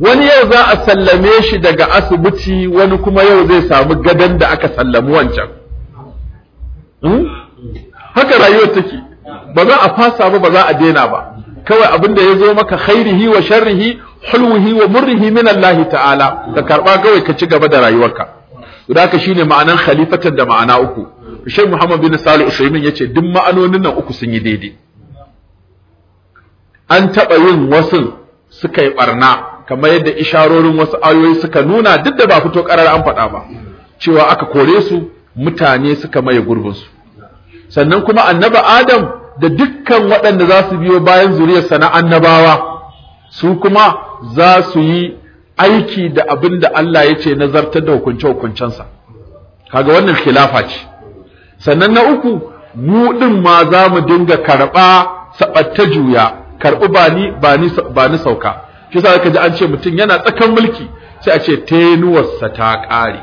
wani yau za a sallame shi daga asibiti wani kuma yau zai samu gadon da aka sallamu wancan hmm? haka rayuwar take ba za a fasa ba ba za a daina ba kawai abin da ya zo maka khairihi wa sharrihi hulwihi wa murrihi min Allah ta'ala ka karba kawai ka ci gaba da rayuwarka to haka shine ma'anan khalifatan da ma'ana uku Sheikh Muhammad bin Salih Usaimin yace duk ma'anonin nan uku sun yi daidai an taba yin wasu suka yi barna kamar yadda isharorin wasu ayoyi suka nuna duk da ba fito karar an faɗa ba cewa aka kore su mutane suka maye gurbin su sannan kuma annabi Adam da dukkan waɗanda za su biyo bayan zuriyar sana annabawa su kuma za su yi aiki da abin da Allah ya ce nazartar da hukunce-hukuncensa kaga wannan khilafa ce sannan na uku mu ɗin ma za mu dinga karɓa saɓatta juya karɓi ba ni ba ni sauka shi sa ka an ce mutum yana tsakan mulki sai a ce tenuwarsa ta ƙare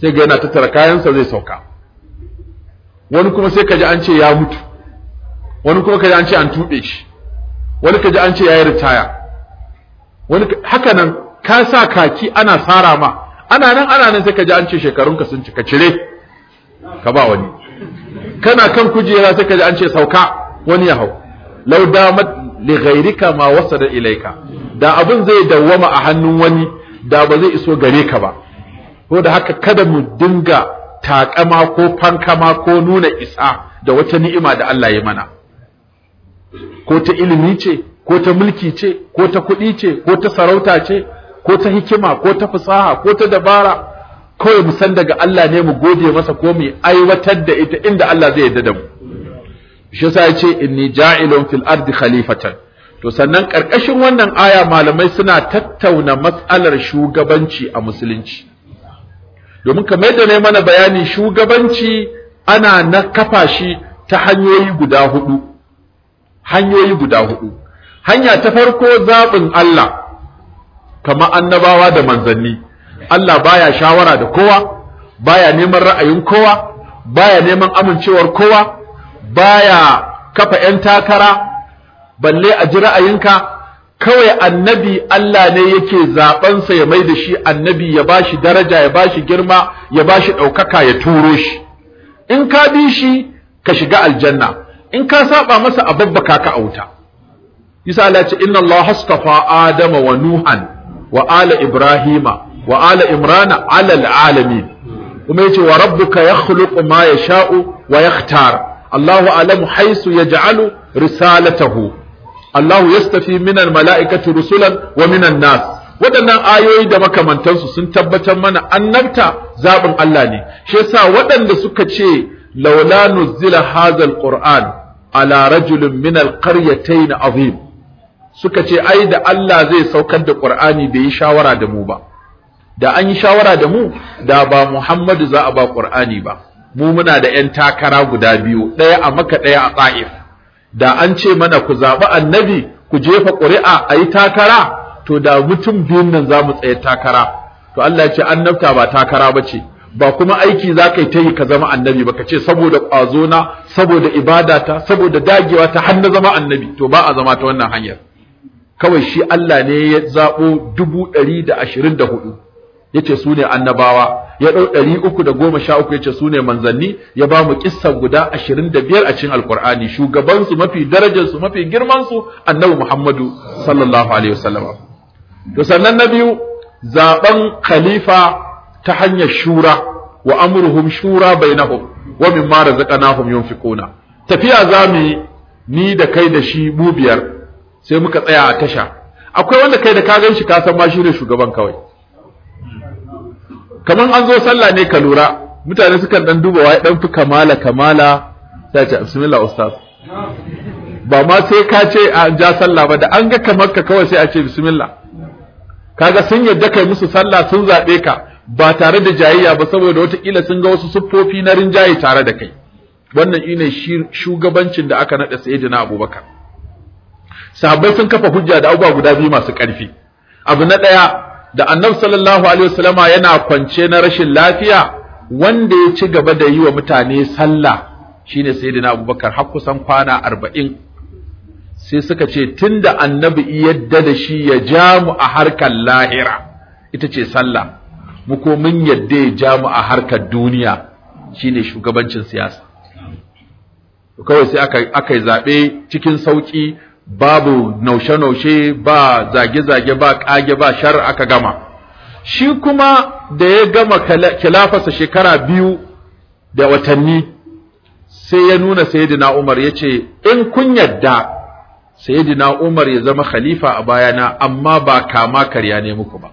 sai ga yana tattara kayansa zai sauka wani kuma sai kaji ji an ce ya mutu wani kuma kaji an ce an tuɓe shi wani kaji an ce yayi ritaya wani haka nan ka sa kaki ana sara ma ana nan ana nan sai kaji an ce shekarunka sun cika cire ka ba wani kana kan kujera sai kaji an ce sauka wani ya hau law damat li ghairika ma wasada ilayka da abin zai dawwama a hannun wani da ba zai iso gare ka ba ko da haka kada mu dinga takama ko fankama ko nuna isa da wata ni'ima da Allah ya mana ko ta ilimi ce ko ta mulki ce ko ta kuɗi ce ko ta sarauta ce ko ta hikima ko ta fasaha ko ta dabara kawai mu san daga Allah ne mu gode masa ko mu aiwatar da ita inda Allah zai yarda da mu shi yasa ya ce inni ja'ilun fil ardi khalifatan to sannan karkashin wannan aya malamai suna tattauna matsalar shugabanci a musulunci domin kamar yadda na mana bayani shugabanci ana na kafa shi ta hanyoyi guda hudu hanyoyi guda hudu hanya ta farko zaɓin Allah kama annabawa da manzanni Allah baya shawara da kowa baya neman ra'ayin kowa baya neman amincewar kowa baya kafa 'yan takara balle a ji ra'ayinka kawai annabi Allah ne yake zaɓensa ya mai da shi annabi ya ba shi daraja ya ba shi girma ya ba shi ɗaukaka ya turo shi in ka bi shi ka shiga aljanna in ka saba masa a babbaka ka auta Isa Allah ce inna Allah hastafa adama wa nuhan wa ala ibrahima wa ala imrana ala alalamin kuma yace wa rabbuka yakhluqu ma yasha'u wa yakhtar Allahu alamu haisu yaj'alu risalatahu Allahu yastafi minal mala'ikatu, rusulan wa minan nas waɗannan ayoyi da makamantansu sun tabbatar mana annabta zaɓin Allah ne shi yasa waɗanda suka ce laula nuzila hazal qur'an ala rajulin min alqaryatayn azim suka ce ai da Allah zai saukar da Qur'ani bai yi shawara da mu ba da an yi shawara da mu da ba Muhammadu za a ba Qur'ani ba mu muna da ƴan takara guda biyu ɗaya a maka ɗaya a Ta'if da an ce mana ku zaɓi annabi ku jefa ƙuri'a a yi takara to da mutum biyun nan za mu tsaye takara to Allah ya ce annabta ba takara ba ce ba kuma aiki za ka yi ta yi ka zama annabi ba ka ce saboda ƙwazona saboda ta saboda dagewa ta har na zama annabi to ba a zama ta wannan hanyar kawai shi Allah ne ya zaɓo dubu ɗari da ashirin da hudu ya ce su ne annabawa ya ɗau ɗari uku da goma sha uku ya ce su ne manzanni ya ba mu ƙissa guda ashirin da biyar a cikin alkur'ani shugabansu mafi darajarsu mafi girmansu annabi muhammadu sallallahu alaihi wasallam to sannan na biyu zaɓen khalifa ta hanyar shura wa amruhum shura bainahum wa mimma razaqnahum yunfiquna tafiya zamu ni da kai da shi mu biyar sai muka tsaya a tasha akwai wanda kai da ka gan shi ka san ma shi ne shugaban kawai kaman an zo sallah ne ka lura mutane sukan dan duba wai dan fi kamala kamala sai ce bismillah ustaz ba ma sai ka ce a ja sallah ba da an ga kamar ka kawai sai a ce bismillah kaga sun yadda kai musu sallah sun zabe ka ba tare da jayayya ba saboda watakila sun ga wasu siffofi na rinjaye tare da kai wannan ine shugabancin da aka naɗa sayyidina abubakar sahabbai sun kafa hujja da abubuwa guda biyu masu ƙarfi abu na ɗaya da annabi sallallahu alaihi wasallama yana kwance na rashin lafiya wanda ya ci gaba da yi wa mutane sallah shine sayyidina abubakar har kusan kwana arba'in sai suka ce tunda annabi yadda da shi ya jamu a harkar lahira ita ce sallah mu ko mun yadda ya ja mu a harkar duniya shine shugabancin siyasa kawai sai aka yi zaɓe cikin sauƙi babu naushe-naushe ba zage-zage ba ƙage ba shar aka gama shi kuma da ya gama kilafasa shekara biyu da watanni sai ya nuna sayidina Umar ya ce in kun yadda sayyidina Umar ya zama khalifa a bayana amma ba kama karya ne muku ba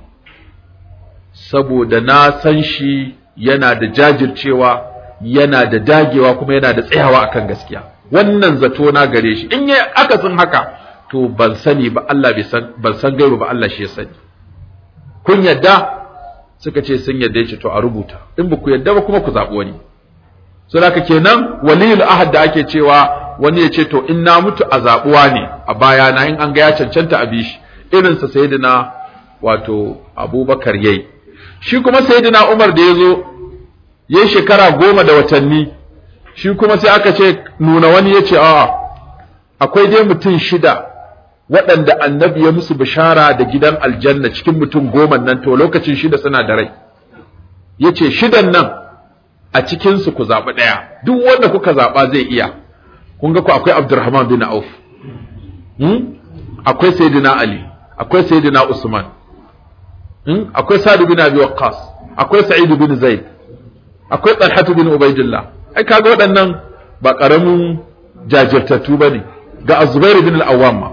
saboda na san shi yana da jajircewa yana da dagewa kuma yana da tsayawa akan gaskiya wannan zato na gare shi in yayi akasin haka to ban sani ba Allah bai san ban san gairu ba Allah shi ya sani kun yadda suka ce sun yadda yace to a rubuta in ba ku yadda ba kuma ku zaɓi wani so haka kenan waliyul ahad da ake cewa wani ya ce to in na mutu a zabuwa ne a baya na in an ga ya cancanta a bi shi irinsa sayyidina wato abubakar yayi shi kuma sayyidina Umar da yazo yayi shekara goma da watanni shi kuma sai aka ce nuna wani yace a'a akwai dai mutum shida waɗanda annabi ya musu bishara da gidan aljanna cikin mutum goma nan to lokacin shida suna da rai yace shidan nan a cikin su ku zaɓi ɗaya duk wanda kuka zaɓa zai iya kun ga ku akwai Abdurrahman bin Auf hmm? akwai Sayyidina Ali akwai Sayyidina Usman Hmm? akwai sa'd bin abi waqqas akwai sa'id bin zaid akwai talhat bin Ubaidullah. ai kaga waɗannan ba karamin jajirtattu bane ga a Zubairu bin al-awwam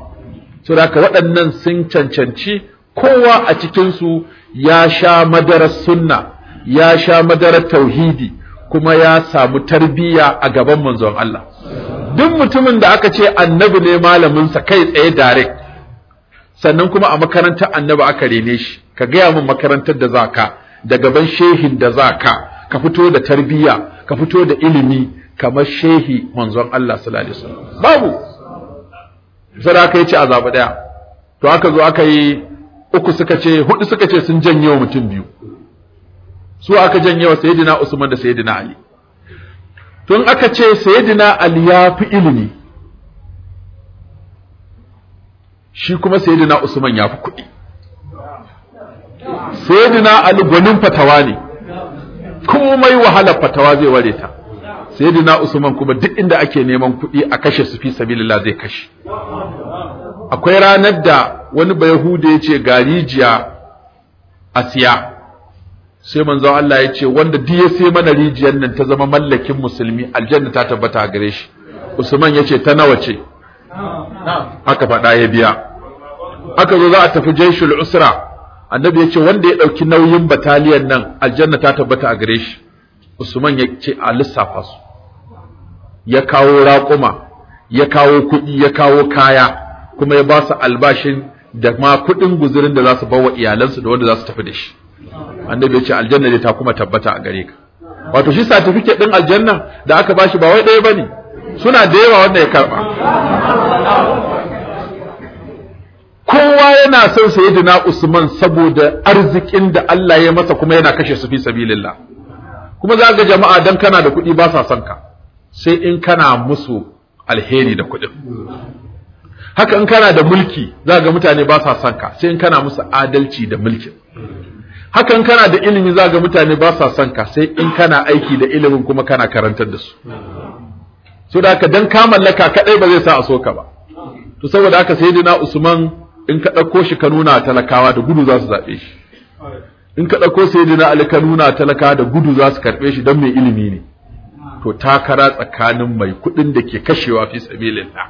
so da waɗannan sun cancanci kowa a cikin su ya sha madarar sunna ya sha madarar tauhidi kuma ya samu tarbiya a gaban manzon Allah duk mutumin da aka ce annabi ne malamin sa kai tsaye direct sannan kuma a makarantar annabi aka rene shi ka gaya min makarantar da zaka da gaban shehin da zaka ka fito da tarbiyya ka fito da ilimi kamar shehi manzon Allah sallallahu alaihi wasallam babu zara aka yi ci a zaɓi ɗaya to aka zo aka yi uku suka ce hudu suka ce sun janye wa mutum biyu su aka janye wa sayyidina Usman da sayyidina Ali tun aka ce sayyidina Ali ya fi ilimi shi kuma sayyidina Usman ya fi kuɗi sayyidina Ali gwanin fatawa ne komai wahala fatawa zai ware ta sayyidina Usman kuma duk inda ake neman kuɗi a kashe su fi sabilillah zai kashe akwai ranar da wani bayahuda ya ce garijiya a siya sai manzo Allah ya ce wanda duk ya sai mana rijiyar nan ta zama mallakin musulmi aljanna ta tabbata gare shi Usman ya ce ta nawa ce Haka faɗa ya biya aka zo za a tafi jaishul usra annabi ya ce wanda ya ɗauki nauyin bataliyan nan aljanna ta tabbata a gare shi usman ya ce a lissafa su ya kawo raƙuma ya kawo kuɗi ya kawo kaya kuma ya ba su albashin da ma kuɗin guzurin da za su bawa iyalansu da wanda za su tafi da shi annabi ya ce aljanna dai ta kuma tabbata a gare ka wato shi certificate ɗin aljanna da aka ba shi ba wai ɗaya bane suna da yawa wanda ya karba kowa yana son sayyidina Usman saboda arzikin da Allah ya masa kuma yana kashe su fi sabilillah kuma za ga jama'a dan kana da kuɗi ba sa son ka sai in kana musu alheri da kuɗin haka in kana da mulki za ga mutane ba sa son ka sai in kana musu adalci da mulki haka in kana da ilimi za ga mutane ba sa son ka sai in kana aiki da ilimin kuma kana karantar da su so da haka dan ka mallaka kadai ba zai sa a so ka ba to saboda haka sayyidina usman in ka ɗauko shi ka nuna talakawa da gudu za su zaɓe shi in ka ɗauko sayyidina ali ka nuna talakawa da gudu za su karɓe shi don mai ilimi ne to takara tsakanin mai kuɗin da ke kashewa fi sabilillah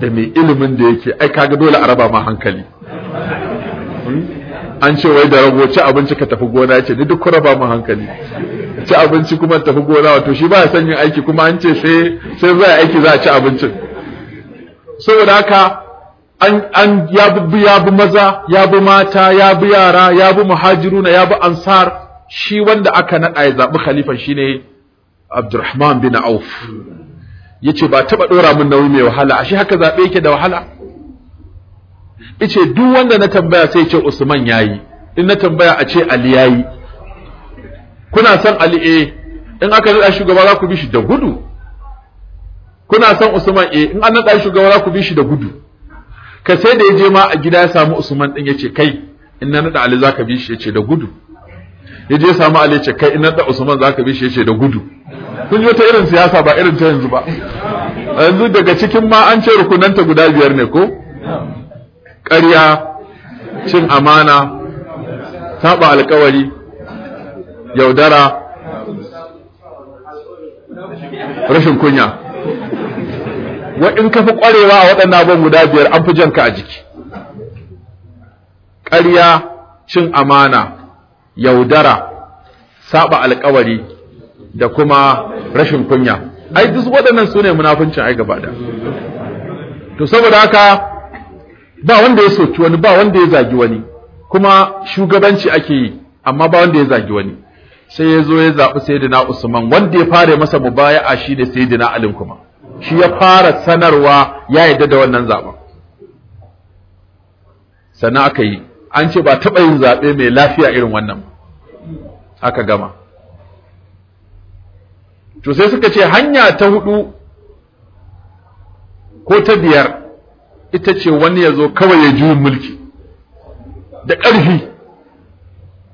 da mai ilimin da yake ai kaga dole a raba ma hankali an ce wai da rago ci abinci ka tafi gona ce ni duk ba mu hankali ci abinci kuma tafi gona wato shi ba son yin aiki kuma an ce sai sai za aiki za a ci abincin saboda haka an an ya bi ya bi maza ya bi mata ya bi yara ya bi muhajiruna ya bi ansar shi wanda aka naɗa ya zabi khalifa shine Abdurrahman bin Auf yace ba taba dora min nauyi mai wahala ashe haka zabe yake da wahala ice duk wanda na tambaya sai ce Usman yayi in na tambaya a ce Ali yayi kuna son Ali eh in aka nada shugaba za ku bi shi da gudu kuna son Usman eh in an nada shugaba za ku bi shi da gudu ka sai da yaje ma a gida ya samu Usman din yace kai in na nada Ali zaka bi shi yace da gudu yaje ya samu Ali yace kai in na nada Usman zaka bi shi yace da gudu kun yi wata irin siyasa ba irin ta yanzu ba yanzu daga cikin ma an ce rukunanta guda biyar ne ko ƙarya cin amana saba alkawari yaudara rashin kunya in ka fi ƙwarewa a waɗannan abubuwan guda biyar an fi jan ka a jiki ƙarya cin amana yaudara saba alkawari da kuma rashin kunya ai duk waɗannan su ne munafincin ai gaba da to saboda haka ba wanda ya soki wani ba wanda ya zagi wani kuma shugabanci ake yi amma ba wanda ya zagi wani sai ya zo ya zaɓi sayyidina Usman wanda ya fara masa mubaya'a shi da sayyidina Ali kuma shi ya fara sanarwa ya yarda da wannan zaɓen sannan aka yi an ce ba taɓa yin zaɓe mai lafiya irin wannan aka gama to sai suka ce hanya ta hudu ko ta biyar ita ce wani ya zo kawai ya juyin mulki da ƙarfi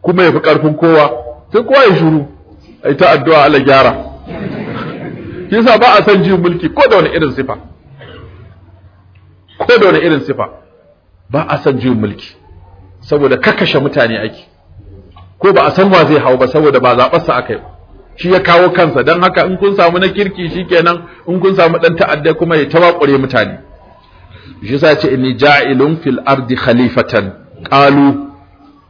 kuma ya fi ƙarfin kowa sai kowa ya shuru a ita addu'a ala gyara shi yasa ba a san juyin mulki ko da wani irin sifa ko da wani irin sifa ba a san juyin mulki saboda kakashe mutane ake ko ba a san wa zai hau ba saboda ba zaɓarsa aka yi ba shi ya kawo kansa don haka in kun samu na kirki shi kenan in kun samu ɗan ta'adda kuma ya tabakure mutane shi sa ce inni ja'ilun fil ardi khalifatan qalu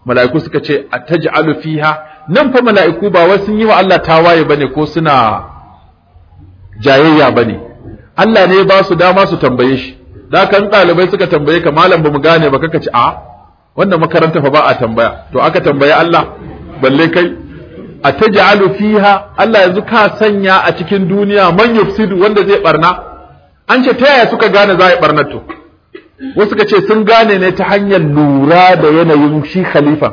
mala'iku suka ce ataj'alu fiha nan fa mala'iku ba wai sun yi wa Allah tawaye bane ko suna jayayya bane Allah ne ba su dama su tambaye shi da kan ɗalibai suka tambaye ka malam bamu gane ba kaka ce a wannan makaranta fa ba a tambaya to aka tambaye Allah balle kai a taj'alu fiha Allah yanzu ka sanya a cikin duniya man yufsidu wanda zai barna an ce ta yaya suka gane za a yi barnar to wasu ka ce sun gane ne ta hanyar lura da yanayin shi khalifa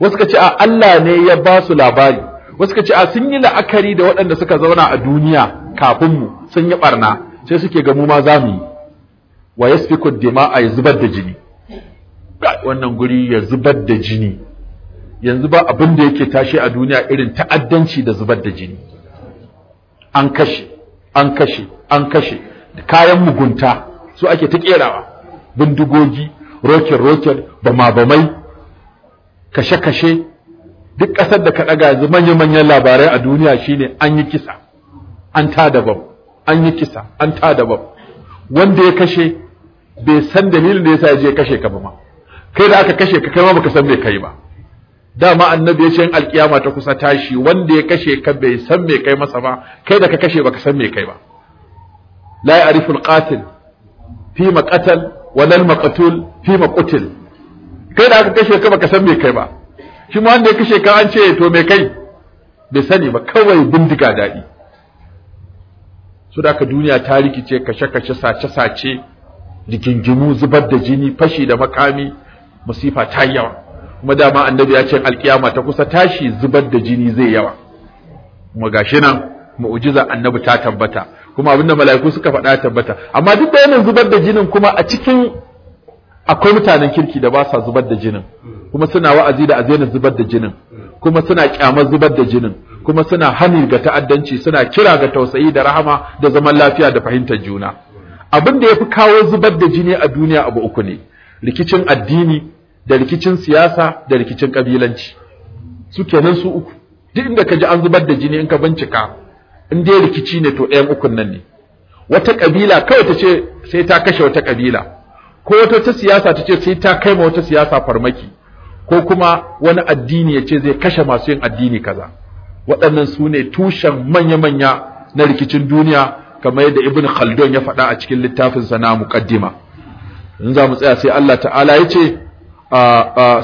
wasu ka ce a Allah ne ya ba su labari wasu ka ce a sun yi la'akari da waɗanda suka zauna a duniya kafin mu sun yi barna sai suke ga mu ma za mu yi wa yasfiku dima'a a zubar da jini wannan guri ya zubar da jini yanzu ba abin da yake tashi a duniya irin ta'addanci da zubar da jini an kashe an kashe an kashe kayan mugunta su ake ta kerawa bindigogi roket-roket bama-bamai kashe-kashe duk ƙasar da ka ɗaga yanzu manya-manyan labarai a duniya shine an yi kisa an ta bam an yi kisa an ta bam wanda ya kashe bai san dalilin da yasa ya kashe ka ba ma kai da aka kashe ka kai ma baka san me kai ba dama annabi ya ce in alkiyama ta kusa tashi wanda ya kashe ka bai san me kai masa ba kai da ka kashe baka san me kai ba la ya'rifu al-qatil fi maqatal walal maqtul fi maqtil kai da aka kashe ka baka san me kai ba shi ma wanda ya kashe ka an ce to me kai bai sani ba kawai bindiga dadi so da ka duniya ta rikice kashe kashe sace sace rigingimu zubar da jini fashi da makami musifa ta yawa kuma dama annabi ya ce alkiyama ta kusa tashi zubar da jini zai yawa kuma gashi nan mu'jiza annabi ta tabbata kuma abinda mala'iku suka faɗa tabbata amma duk da yanayin zubar da jinin kuma a cikin akwai mutanen kirki da ba sa zubar da jinin kuma suna wa'azi da azenin zubar da jinin kuma suna kyamar zubar da jinin kuma suna hani ga ta'addanci suna kira ga tausayi da rahama da zaman lafiya da fahimtar juna abin da yafi kawo zubar da jini a duniya abu uku ne rikicin addini da rikicin siyasa da rikicin kabilanci su kenan su uku duk inda ka ji an zubar da jini in ka bincika in dai rikici ne to ɗayan ukun nan ne wata kabila kawai ta ce sai ta kashe wata kabila ko wata ta siyasa ta ce sai ta kai ma wata siyasa farmaki ko kuma wani addini ya ce zai kashe masu yin addini kaza waɗannan su ne tushen manya-manya na rikicin duniya kamar yadda ibn khaldun ya faɗa a cikin littafinsa na muqaddima in za mu tsaya sai Allah ta'ala ya ce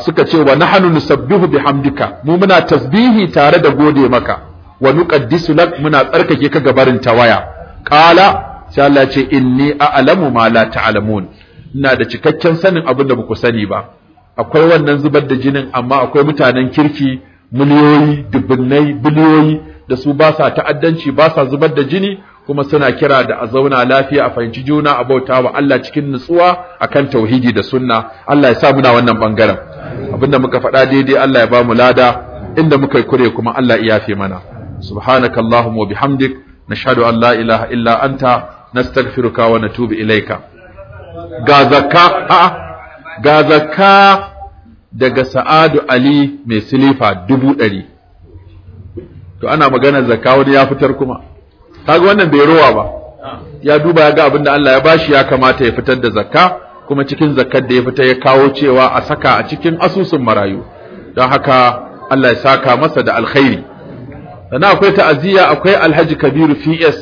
suka ce wa nahnu nusabbihu bihamdika mu muna tasbihi tare da gode maka wa nuqaddisu lak muna tsarkake ka gabarin waya, qala sai Allah ce inni a'lamu ma la ta'lamun ina da cikakken sanin abin da baku sani ba akwai wannan zubar da jinin amma akwai mutanen kirki miliyoyi dubunnai biliyoyi da su ba sa ta'addanci ba sa zubar da jini kuma suna kira da a zauna lafiya a fahimci juna a bauta wa Allah cikin nutsuwa akan tauhidi da sunna Allah ya sa muna wannan bangaren abinda muka faɗa daidai Allah ya ba mu lada inda muka yi kure kuma Allah ya yafe mana subhanakallahumma wa bihamdik nashhadu an la ilaha illa anta nastaghfiruka wa natubu ilaika ga zakka ga zakka daga Sa'adu Ali mai silifa dubu ɗari. To ana maganar zakka wani ya fitar kuma. Kaga wannan bai rowa ba. Ya duba ya ga abin da Allah ya bashi ya kamata ya fitar da zakka kuma cikin zakkar da ya fita ya kawo cewa a saka a cikin asusun marayu. Don haka Allah ya saka masa da alkhairi. sana akwai ta'aziyya akwai alhaji kabiru ps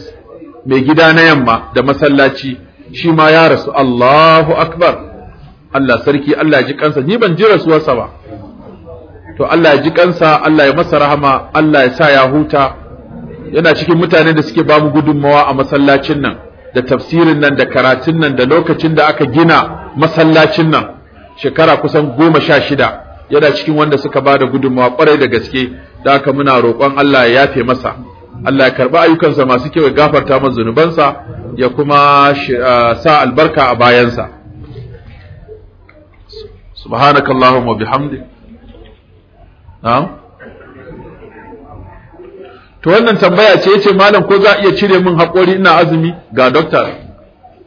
mai gida na yamma da masallaci shi ma ya rasu allahu akbar allah sarki allah ya ji kansa ni ban ji rasuwarsa ba to allah ya ji kansa allah ya masa rahama allah ya sa ya huta yana cikin mutanen da suke bamu gudunmawa a masallacin nan da tafsirin nan da karatun nan da lokacin da aka gina masallacin nan shekara kusan goma sha shida yana cikin wanda suka ba da gudunmawa kwarai da gaske da haka muna roƙon Allah ya yafe masa Allah ya karɓi ayyukansa masu kyau ya gafarta masa zunubansa ya kuma sa albarka a bayansa subhanakallahumma bihamdi na'am to wannan tambaya ce yace malam ko za iya cire min haƙori ina azumi ga doctor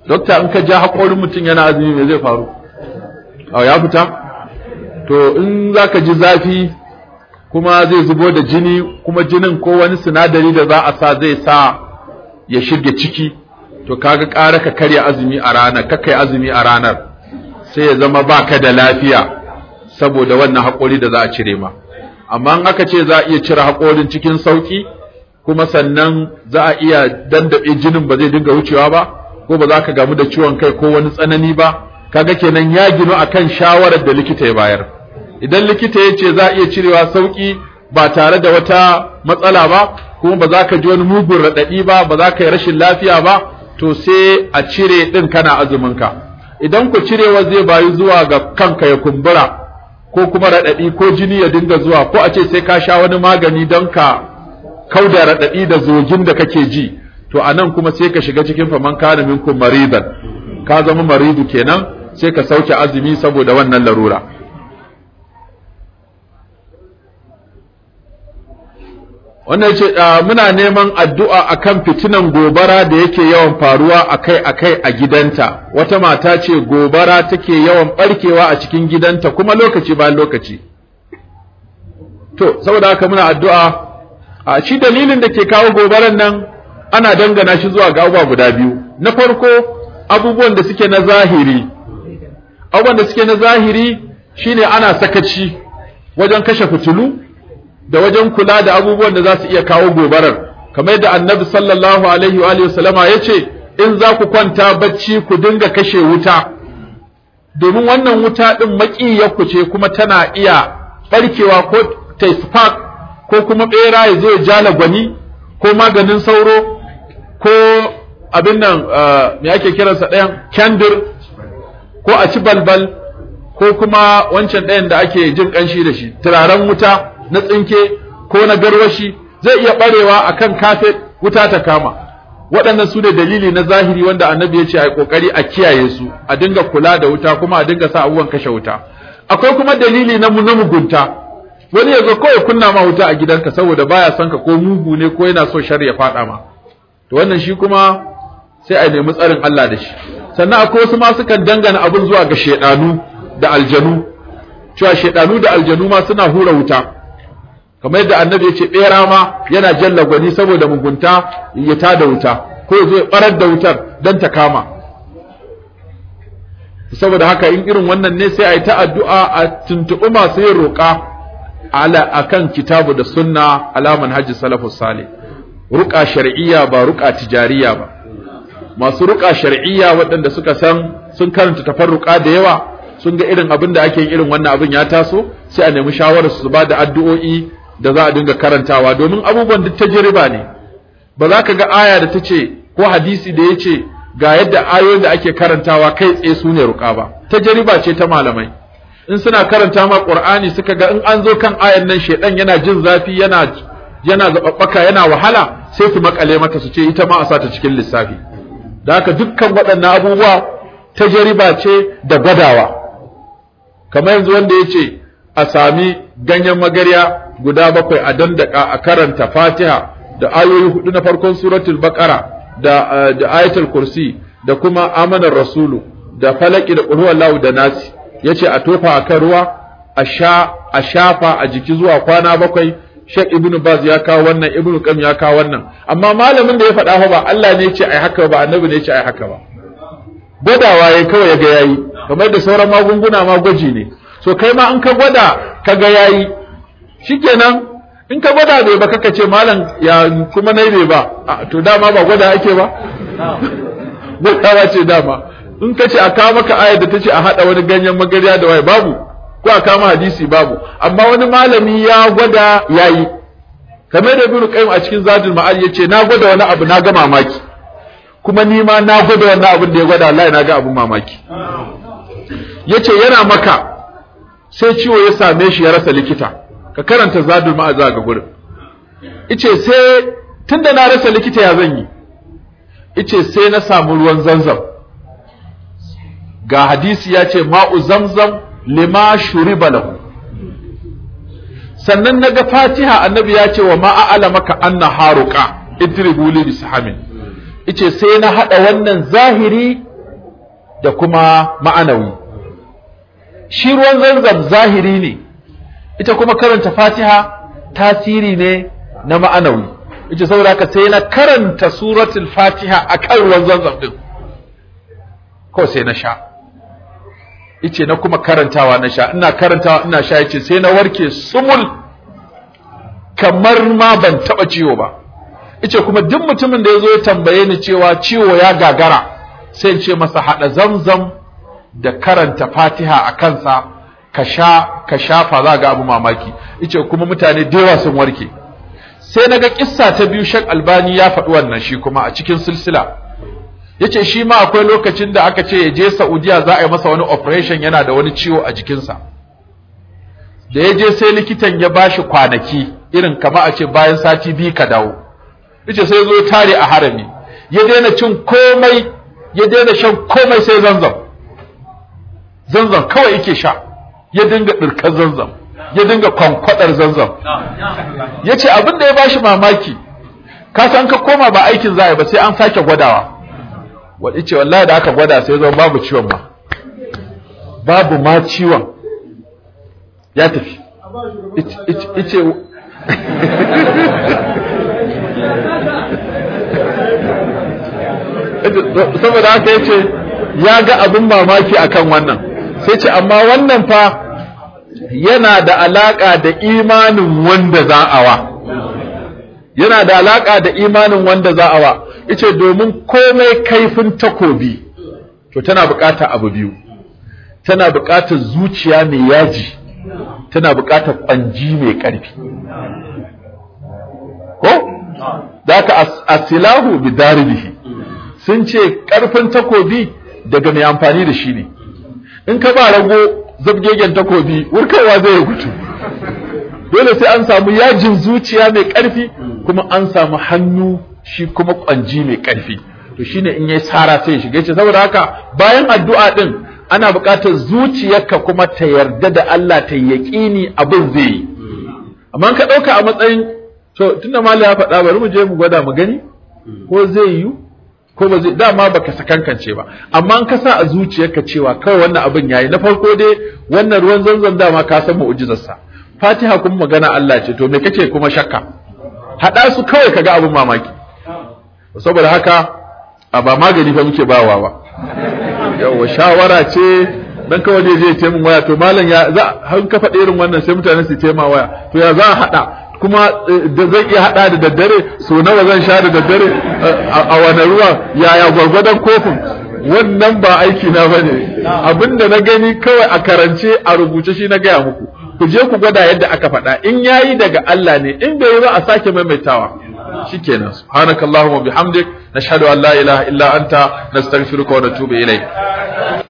doctor in ka ja haƙorin mutum yana azumi me zai faru a ya fita to in zaka ji zafi kuma zai zubo da jini kuma jinin ko wani sinadari da za a sa zai sa ya shirge ciki to kaga ƙara ka karya azumi a ranar ka kai azumi a ranar sai ya zama baka da lafiya saboda wannan haƙori da za a cire ma amma in aka ce za a iya cire haƙorin cikin sauƙi kuma sannan za a iya dandaɓe jinin ba zai dinga wucewa ba ko ba za ka gamu da ciwon kai ko wani tsanani ba kaga kenan ya gino akan shawarar da likita ya bayar idan likita ya ce za a iya cirewa sauki ba tare da wata matsala ba kuma ba za ka ji wani mugun raɗaɗi ba ba za ka yi rashin lafiya ba to sai a cire ɗin kana azuminka idan ku cirewa zai bayu zuwa ga kanka ya kumbura ko kuma raɗaɗi ko jini ya dinga zuwa ko a ce sai ka sha wani magani don ka kau da raɗaɗi da zogin da kake ji to a nan kuma sai ka shiga cikin faman kana ku maridan ka zama maridu kenan sai ka sauke azumi saboda wannan larura wannan ce ah, muna neman addu'a a kan fitinan gobara da yake yawan faruwa akai-akai a gidanta wata mata ce gobara take yawan barkewa a cikin gidanta kuma lokaci bayan lokaci to saboda haka muna addu'a a ah, shi dalilin da ke kawo gobaran nan ana dangana shi zuwa ga abubuwa guda biyu na farko abubuwan da suke na zahiri abubuwan da suke na zahiri shine ana sakaci wajen kashe fitilu da wajen kula da abubuwan da za su iya kawo gobarar kamar da annabi sallallahu alaihi wa sallama ya ce in za ku kwanta bacci ku dinga kashe wuta domin wannan wuta din ya kuce kuma tana iya barkewa ko ta spark ko kuma ɓera ya je jala gwani ko maganin sauro ko abin nan eh, me ake kiransa ɗayan kyandir ko a ci balbal ko kuma wancan ɗayan da ake jin ƙanshi da shi turaren wuta na tsinke ko na garwashi zai iya barewa akan kafet wuta ta kama waɗannan su ne dalili na zahiri wanda annabi ya ce a kokari a kiyaye su a dinga kula da wuta kuma a dinga sa abubuwan kashe wuta akwai kuma dalili na na mugunta wani yazo ya kunna ma wuta a gidanka saboda baya son ka ko mugu ne ko yana so shar ya fada ma to wannan shi kuma sai a nemi tsarin Allah da shi sannan akwai wasu ma sukan dangana abin zuwa ga shedanu da aljanu cewa shedanu da aljanu ma suna hura wuta kamar yadda annabi ya ce bera ma yana jalla gwani saboda mugunta ya da wuta ko ya zo ya barar da wutar dan ta kama saboda haka in irin wannan ne sai a yi ta addu'a a tuntuɓi masu yin roƙa ala akan kitabu da sunna alaman hajji salafus salih ruƙa shar'iyya ba ruka tijariya ba masu ruƙa shar'iyya waɗanda suka san sun karanta tafarruka da yawa sun ga irin abin da ake yin irin wannan abin ya taso sai a nemi shawarar su ba da addu'o'i da za a dinga karantawa domin abubuwan duk tajriba ne ba za ka ga aya da ta ce ko hadisi da ya ce ga yadda ayoyin da ake karantawa kai tsaye su ne ruka ba tajriba ce ta malamai in suna karanta ma qur'ani suka ga in an zo kan ayan nan shedan yana jin zafi yana yana zababbaka yana wahala sai su makale mata su ce ita ma a sa ta cikin lissafi da haka dukkan waɗannan abubuwa tajriba ce da gwadawa kamar yanzu wanda ya ce a sami ganyen magarya guda bakwai a dandaka a karanta fatiha da ayoyi hudu na farkon suratul baqara da eh, da ayatul kursi da kuma amanar rasulu da falaki da qul allah da nasi yace a tofa kan ruwa a sha a shafa a jiki zuwa kwana bakwai Sheikh Ibn Baz ya kawo wannan Ibn Qam ya kawo wannan amma malamin da ya faɗa ba Allah ne ya ai haka ba annabi ne ya ai haka ba gwadawa ya kawai ya ga yayi kamar da sauran magunguna ma gwaji ne so kai ma an ka gwada ka ga yayi shikenan in ka gwada bai ba kaka ce malam ya kuma nai bai ba to dama ba gwada ake ba gwadawa ce dama in ka ce a kawo maka ayar da ta ce a haɗa wani ganyen magarya da waye babu ko a kama hadisi babu amma wani malami ya gwada yayi kamar da ibnu qayyim a cikin zadul ma'ad yace na gwada wani abu na ga mamaki kuma ni ma na gwada wani abu da ya gwada wallahi na ga abun mamaki yace yana maka sai ciwo ya same shi ya rasa likita ka karanta zadul ma'a ga gurin ice sai tunda na rasa likita ya zan yi ice sai na samu ruwan zamzam ga hadisi ya ce ma'u zamzam lima shuriba lahu sannan na ga fatiha annabi ya ce wa ma'a'ala maka anna haruka idribu li bisahamin ice sai na hada wannan zahiri da kuma ma'anawi shi ruwan zanzam zahiri ne ita kuma karanta fatiha tasiri ne na ma'anawi ita saboda haka sai na karanta suratul fatiha a kan ruwan zanzam din ko sai na sha ice na kuma karantawa na sha ina karantawa ina sha yace sai na warke sumul kamar ma ban taba ciwo ba ice kuma duk mutumin da yazo ya tambaye ni cewa ciwo ya gagara sai in ce masa hada zamzam da karanta fatiha a kansa ka sha ka shafa za ga abu mamaki ice kuma mutane da sun warke sai naga kissa ta biyu shan Albani ya faɗi wannan shi kuma a cikin silsila yace shi ma akwai lokacin da aka ce ya je Saudiya za a yi masa wani operation yana da wani ciwo a jikinsa da ya je sai likitan ya bashi kwanaki irin kama a ce bayan sati biyu ka dawo yace sai zo tare a harami ya daina cin komai ya daina shan komai sai zanzan zanzan kawai yake sha ya dinga ɗirkar zanzam ya dinga kwankwadar zanzam ya ce abin da ya bashi mamaki ka san ka koma ba aikin za ba sai an sake gwadawa waɗi ce wallahi da aka gwada sai zama babu ciwon ma babu ma ciwon ya tafi ice (laughs) saboda haka ya ce ya ga abin mamaki akan wannan sai ce amma wannan fa yana da alaƙa da imanin wanda za a wa yana da alaƙa da imanin wanda za a wa yace domin komai kaifin takobi to tana bukata abu biyu tana bukatar zuciya mai yaji tana bukatar ƙwanji mai ƙarfi, ko zaka asilahu daribihi sun ce karfin takobi daga mai amfani da shi ne in ka ba rago zabgegen takobi wurkawa zai gutu dole sai an samu yajin zuciya mai karfi kuma an samu hannu shi kuma kwanji mai karfi to shine in yayi sara sai ya shiga ce saboda haka bayan addu'a din ana buƙatar zuciyarka kuma ta yarda da Allah ta yaƙini abin zai yi amma ka ɗauka a matsayin to tunda malam ya faɗa bari mu je mu gwada mu gani ko zai yi ko ba zai dama baka sakankance ba amma an kasa a zuciyarka cewa kawai wannan abin yayi na farko dai wannan ruwan zanzan dama ka san ujizarsa Fatiha kuma magana Allah ce to me kake kuma shakka hada su kawai kaga abin mamaki saboda haka a ba magani fa muke bawa ba yawa shawara ce dan kawai zai je taimun waya to malam ya za hankafa ka irin wannan sai mutane su taima waya to ya za a hada kuma eh, zai iya hada da daddare so nawa zan sha da daddare eh, a wani ruwa yaya gwargwadon kofin wannan ba aiki na bane abinda na gani kawai a karance a rubuce shi na gaya muku ku je ku gwada yadda aka faɗa in yayi daga Allah ne in bai yi ba a sake maimaitawa shikenan subhanakallahumma bihamdik nashhadu an la ilaha illa anta nastaghfiruka wa natubu ilayk